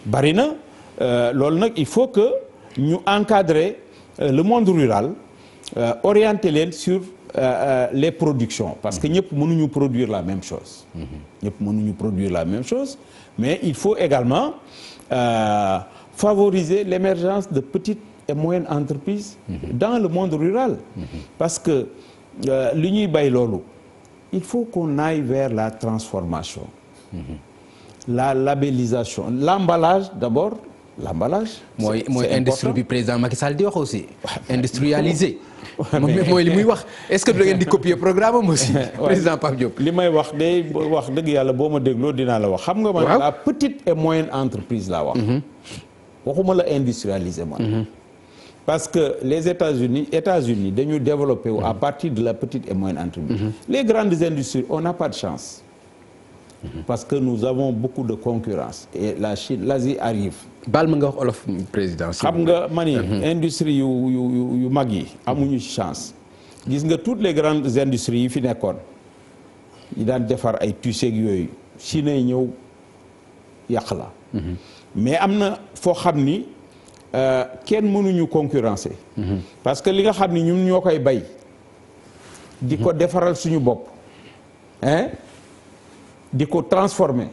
bari na loolu nag il faut que ñu encadrer le monde rural. Euh, orienter leen sur euh, euh, les productions parce que mhm. ñëpp mënuñu produire la même chose mhm. ñëpp mënuñu produire la même chose mais il faut également favoriser l'émergence de petites et moyennes entreprises mhm. dans le monde rural parce que li ñuy bay loolu il faut qu'on aille vers la transformation la labellisation l'emballage d'abord l'emballage mooy mooy industrie bi président Macky Sall di aussi industrialisé mooy li muy wax est-ce que du ngeen di programme am aussi président li may wax day wax dëgg yàlla boo ma dégloo dinaa la wax xam nga ma la petite et moyenne entreprise laa wax mm-hmm. waxuma la industrialisé man mm-hmm. parce que les États-Unis États-Unis dañu développé wu à mm-hmm. partir de la petite et moyenne entreprise les grandes industries on n'a pas de chance parce que nous avons beaucoup de concurrence et la Chine l'Asie arrive bal ma nga wax olof président xam nga ma ni mhm. industrie yu yu yu mag yi amuñu chance gis nga toutes les grandes industries yi fi nekkoon yi daan defar ay tuseeg yooyu Chine ñëw yàq la mhm. mais am na foo xam ni euh, kenn mënuñu concurrencer mhm. parce que li nga xam ni ñun ñoo koy bay di ko defaral suñu bopp hein di ko transformer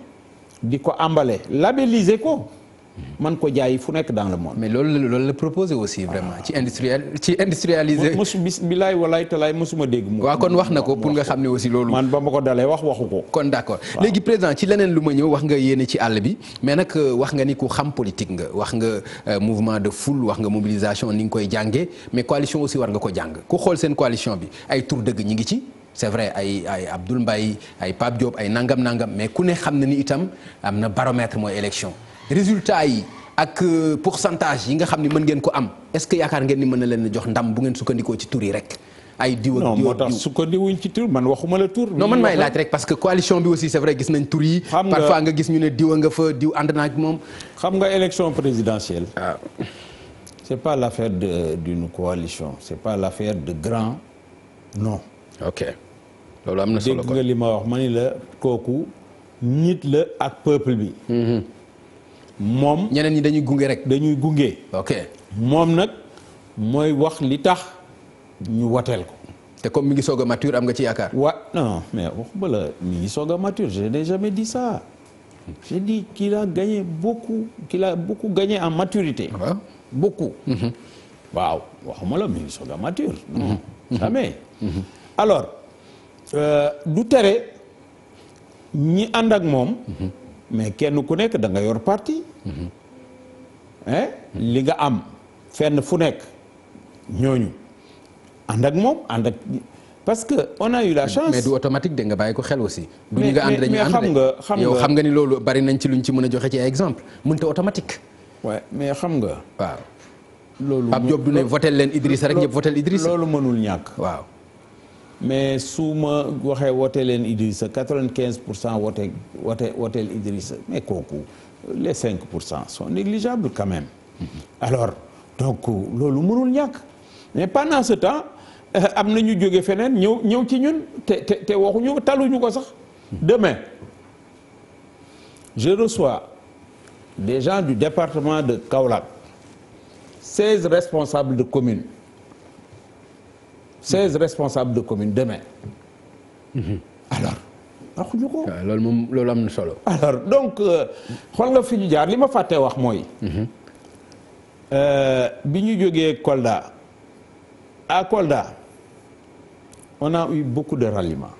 di ko emballé labelliser ko hmm. man ko jaayi fu nekk dans le monde. mais loolu loolu la proposé aussi vraiment ci ah. industriel ci industrialisé. mosu bis bilaay walaay talaay mosuma dégg. waaw kon wax na ko pour nga xam ne aussi loolu. man ba ma ko dalee wax waxu ko. kon d' léegi président ci leneen lu ma ñëw wax nga yéene ci àll bi mais nag euh, wax nga ni ku xam politique nga wax nga euh, mouvement de foule wax nga mobilisation ni nga koy jàngee mais coalition aussi war nga ko jàng ku xool seen coalition bi ay tur dëgg ñi ngi ci. c'est vrai ay ay Abdoul ay Pape Diop ay nangam nangam mais ku ne xam na ni itam am na baromètre mooy élection résultat yi ak euh, pourcentage yi nga xam ni mën ngeen ko am est-ce que yaakaar ngeen ni mën na leen jox ndam bu ngeen sukkandikoo ci tur yi rek. ay diw diw ci tur man waxuma la tur. non man maay laaj rek parce que coalition bi aussi c'est vrai gis nañ tur yi. parfois nga ne diw nga fa diw ànd naa ak moom. xam nga élection présidentielle. waaw ah. c'est pas l'affaire de d'une coalition c'est pas l'affaire de grand non. ok loolu am na solo dégg nga li ma wax ma ni la kooku nit la ak peuple bi. Mhm. moom ñeneen ñi dañuy gunge rek. dañuy gunge. ok moom nag mooy wax li tax ñu wateel ko. te comme mi ngi soog a mature am nga ci yaakaar. wa non mais waxuma la mi ngi soog a mature je n'ai jamais dit ça j'ai dit qu'il a gagné gañe qu'il en maturité. waaw ah beaucoup. Mhm. waaw waxuma la mi ngi soog mature. non mhm. jamais. alors euh, du tere ñi ànd ak moom mais kenn ku nekk da nga yor parti eh li nga am fenn fu nekk ñooñu ànd ak moom ànd ak parce que on a eu la chance. mais du automatique de nga bàyyi ko xel aussi. du ñu nga ànd dañuy xam nga xam nga nga ni loolu bari nañ ci luñ ci mën a joxe ci ay exemple mënta automatique. waaw mais xam nga. waaw. loolu Pape Diop du ne votel leen Idrissa rek ñëpp votel Idrissa. loolu mënul ñàkk waaw. mais su ma waxee wootee leen Idrissa quatre-vingt-quinze pour cent wootee wootee wooteel Idrissa mais kooku les cinq pour cent sont négligeables quand même alors donc loolu mënul ñàkk mais pendant ce temps euh, am na ñu jóge feneen ñëw ñëw ci ñun te te waxuñu waxuñu taluñu ko sax demain je reçois des gens du département de Kaolack seize responsables de communes seize responsables de commune demain. Mhm. alors waxuñu ko. loolu moom loolu am na solo. donc xool nga fi ñu jaar li ma fàttee wax mooy. Mhm. Euh, bi ñu jógee Kolda à Kolda on a eu beaucoup de ralliements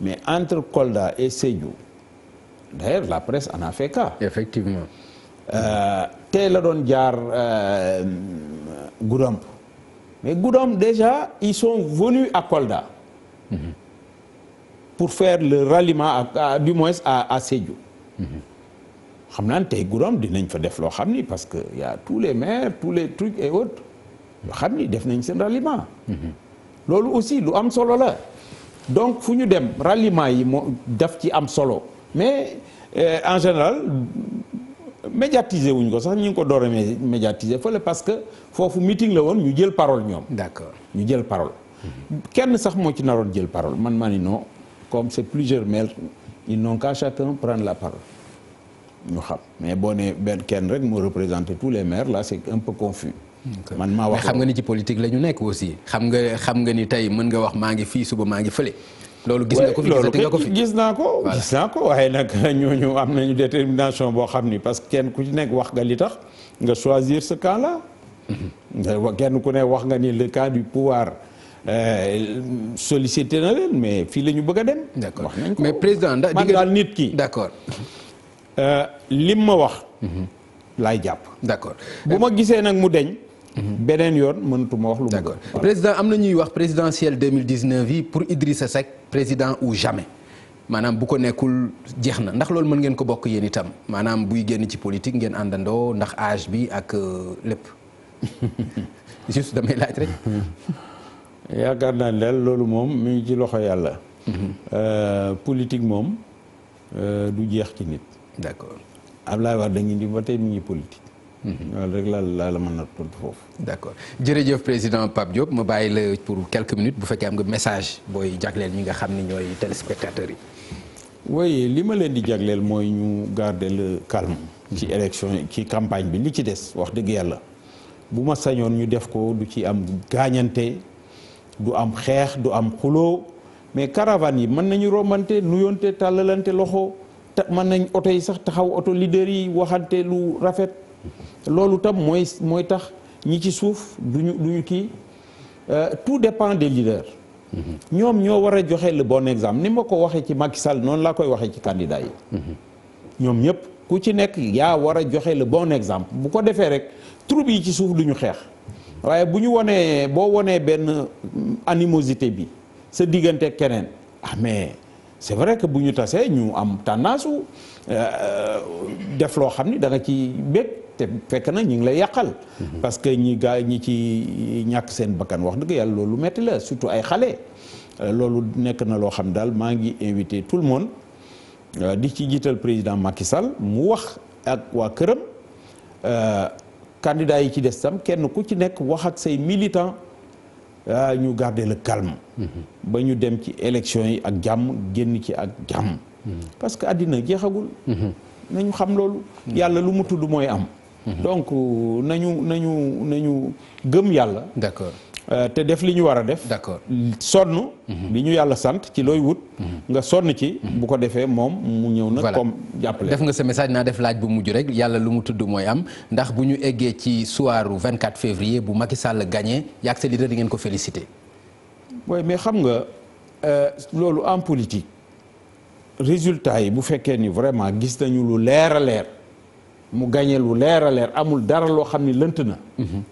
mais entre Kolda e Sédhiou d'ailleurs la presse en a euh, tey la doon jaar euh, Goudomp. mais Goudomp déjà ils sont venus à Kolda pour faire le ralliement à, à, du moins à, à Sédhiou xam naa ne tey Goudomp dinañ fa def loo xam ni parce que y a tous les maires tous les trucs et autres yoo xam ni def nañ seen ralliement loolu aussi lu am solo la donc fu ñu dem ralliement yi moo daf ci am solo mais euh, en général médiatiser wuñ ko sax ñu ngi ko door a médiatiser fële parce que foofu meeting la woon ñu jël parole ñoom. d'accord ñu jël parole. kenn sax moo ci naroon jël parole man maa ni no comme c'est plusieurs maires ils n'ont qu'à chacun prendre la parole ñu xam mais boo nee benn kenn rek moo représenter tous les maires là c'est un peu confus. man maa wax mais xam nga ni ci politique la ñu nekk aussi xam nga xam nga ni tey mën nga wax maa ngi fii suba maa ngi fële. loolu gis nga ko gis naa ko gis naa ko waaye nag ñooñu am nañu détermination boo xam ni parce que kenn ku ci nekk wax nga li tax nga choisir ce camp là mhm. kenn ku ne wax nga ni le camp du pouvoir euh, sollicité na leen mais fii la ñu bëgg a dem d'accord mais président man daal nit ki d'accord euh, lim ma wax mhm. laay jàpp d'accord bu ma gisee nag mu deñ Mhm. beneen yoon mënatuma wax lu mu d'accord président am na ñuy wax présidentielle 2019 yi pour Idrissa Seck président ou jamais maanaam bu ko nekkul jeex na ndax loolu mën ngeen ko bokk yéen itam maanaam buy génn ci politique ngeen àndandoo ndax âge bi ak euh, lépp juste damay laaj rek. yaakaar naa ne daal loolu moom mu ngi ci loxo yàlla. Mhm. Euh, politique moom euh, du jeex ci nit. d'accord Abdoulaye Wade da ngeen di ba tey mi ngi politique. loolu rek laa laa la mën a tontu foofu. d' accord jërëjëf président Pape Diop ma bàyyi la pour quelques minutes bu fekkee am nga message booy jagleel ñi nga xam ni ñooy téléspectateurs yi. oui li ma leen di jagleel mooy ñu garder le calme. ci élection ci campagne bi li ci des wax dëgg yàlla bu ma sañoon ñu def ko du ci am gaañante du am xeex du am xuloo mais caravane yi mën nañu rombante nuyonte tàllalante loxo te mën nañ oto yi sax taxaw oto leader yi waxante lu rafet. loolu tam mooy mooy tax ñi ci suuf duñu duñu kii euh, tout dépend des leaders. Mm-hmm. ñoom ñoo war a joxe la bon exemple ni ma ko waxee ci Macky Sall noonu laa koy waxee ci candidat yi. Mm-hmm. ñoom ñëpp ku ci nekk yaa war a joxe le bon exemple bu ko defee rek troupe yi ci suuf duñu xeex waaye bu ñu wonee boo wonee benn animosité bi sa diggante keneen ah c'est vrai que bu ñu tasee ñu am tendance su euh, euh, def loo xam ni danga ci bépp te fekk na ñu ngi lay yàqal. Mhm. parce que ñi gaa ñi ci ñàkk seen bakkan wax dëgg yàlla loolu metti la surtout ay xale. Euh, loolu nekk na loo xam daal maa ngi invité tout le monde di ci jiital président Macky Sall mu wax ak waa këram candidats yi ci des tam kenn ku ci nekk wax ak say militant ah ñu garder le calme. Mm-hmm. ba ñu dem ci élection yi ak jàmm génn ci ak jàmm. Mm-hmm. parce que àddina jeexagul. Mm-hmm. nañu xam loolu. yàlla lu mu tudd mooy am. donc euh, nañu nañu nañu gëm yàlla. d'accord. Euh, te def li ñu war a def. d'accord sonn. Mhm. li ñu yàlla sant ci looy wut. Mhm. nga sonn ci. Mhm. bu ko defee moom mu ñëw nag. comme jàppale def nga sa message naa def laaj bu mujj rek yàlla lu mu tudd mooy am ndax bu ñu eggee ci soiru 24 février bu Macky Sall gagné yàgg sa leader di ngeen ko félicité. oui mais xam nga euh, loolu en politique résultat yi bu fekkee ni vraiment gis nañu lu leer a leer mu gagné lu leer a leer amul dara loo xam ni lënt na.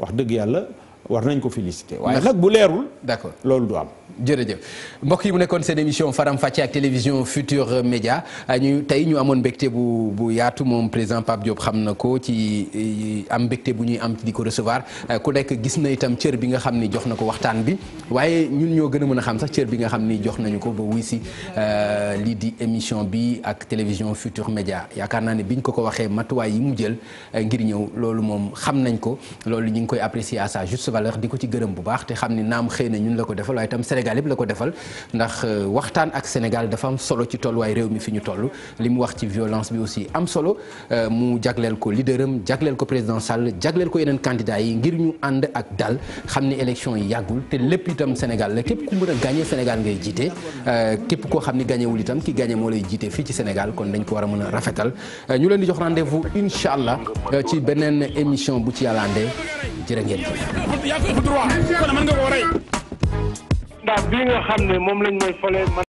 wax dëgg yàlla. war nañ ko féliciter waaye nag bu leerul d'accord loolu du am jërëjëf mbokk yi mu nekkoon seen émission Faram Facce télévision Futur Média ñu tey ñu amoon mbégte bu bu yaatu moom président xam na ko ci eh, am mbégte bu ñuy am di ko recevoir eh, ku nekk gis na itam cër bi nga xam ni jox na ko waxtaan bi waaye ñun ñoo gën a mën a xam sax cër bi nga xam ni jox nañu ko ba wuy si eh, lii di émission bi ak télévision Futur Média yaakaar naa ne biñ ko ko waxee matuwaay yi mu jël ngir ñëw loolu moom xam nañ ko loolu ñu ngi koy apprécier sa juste valeur di ko ci gërëm bu baax te xam ni naam xëy na ñun la ko defal waaye itam Sénégal yëpp la ko defal ndax euh, waxtaan ak Sénégal dafa am solo ci tolluwaay réew mi fi ñu toll li mu wax ci violence bi aussi am solo euh, mu jagleel ko leaderam jagleel ko président Sall jagleel ko yeneen candidats yi ngir ñu ànd ak dal xam ni élection yi yàggul te lépp itam Sénégal la képp ku mën a gagné Sénégal ngay jiite euh, képp koo xam ni gagné itam ki gagné moo lay jiite fii ci Sénégal kon dañ ko war a mën a rafetal ñu leen di jox rendez-vous incha allah ci beneen émission bu ci yàlla andee jërë ngeen yaa ko ëpp droit kon mën nga koo rey. ndax bii nga xam ne moom lañ may fole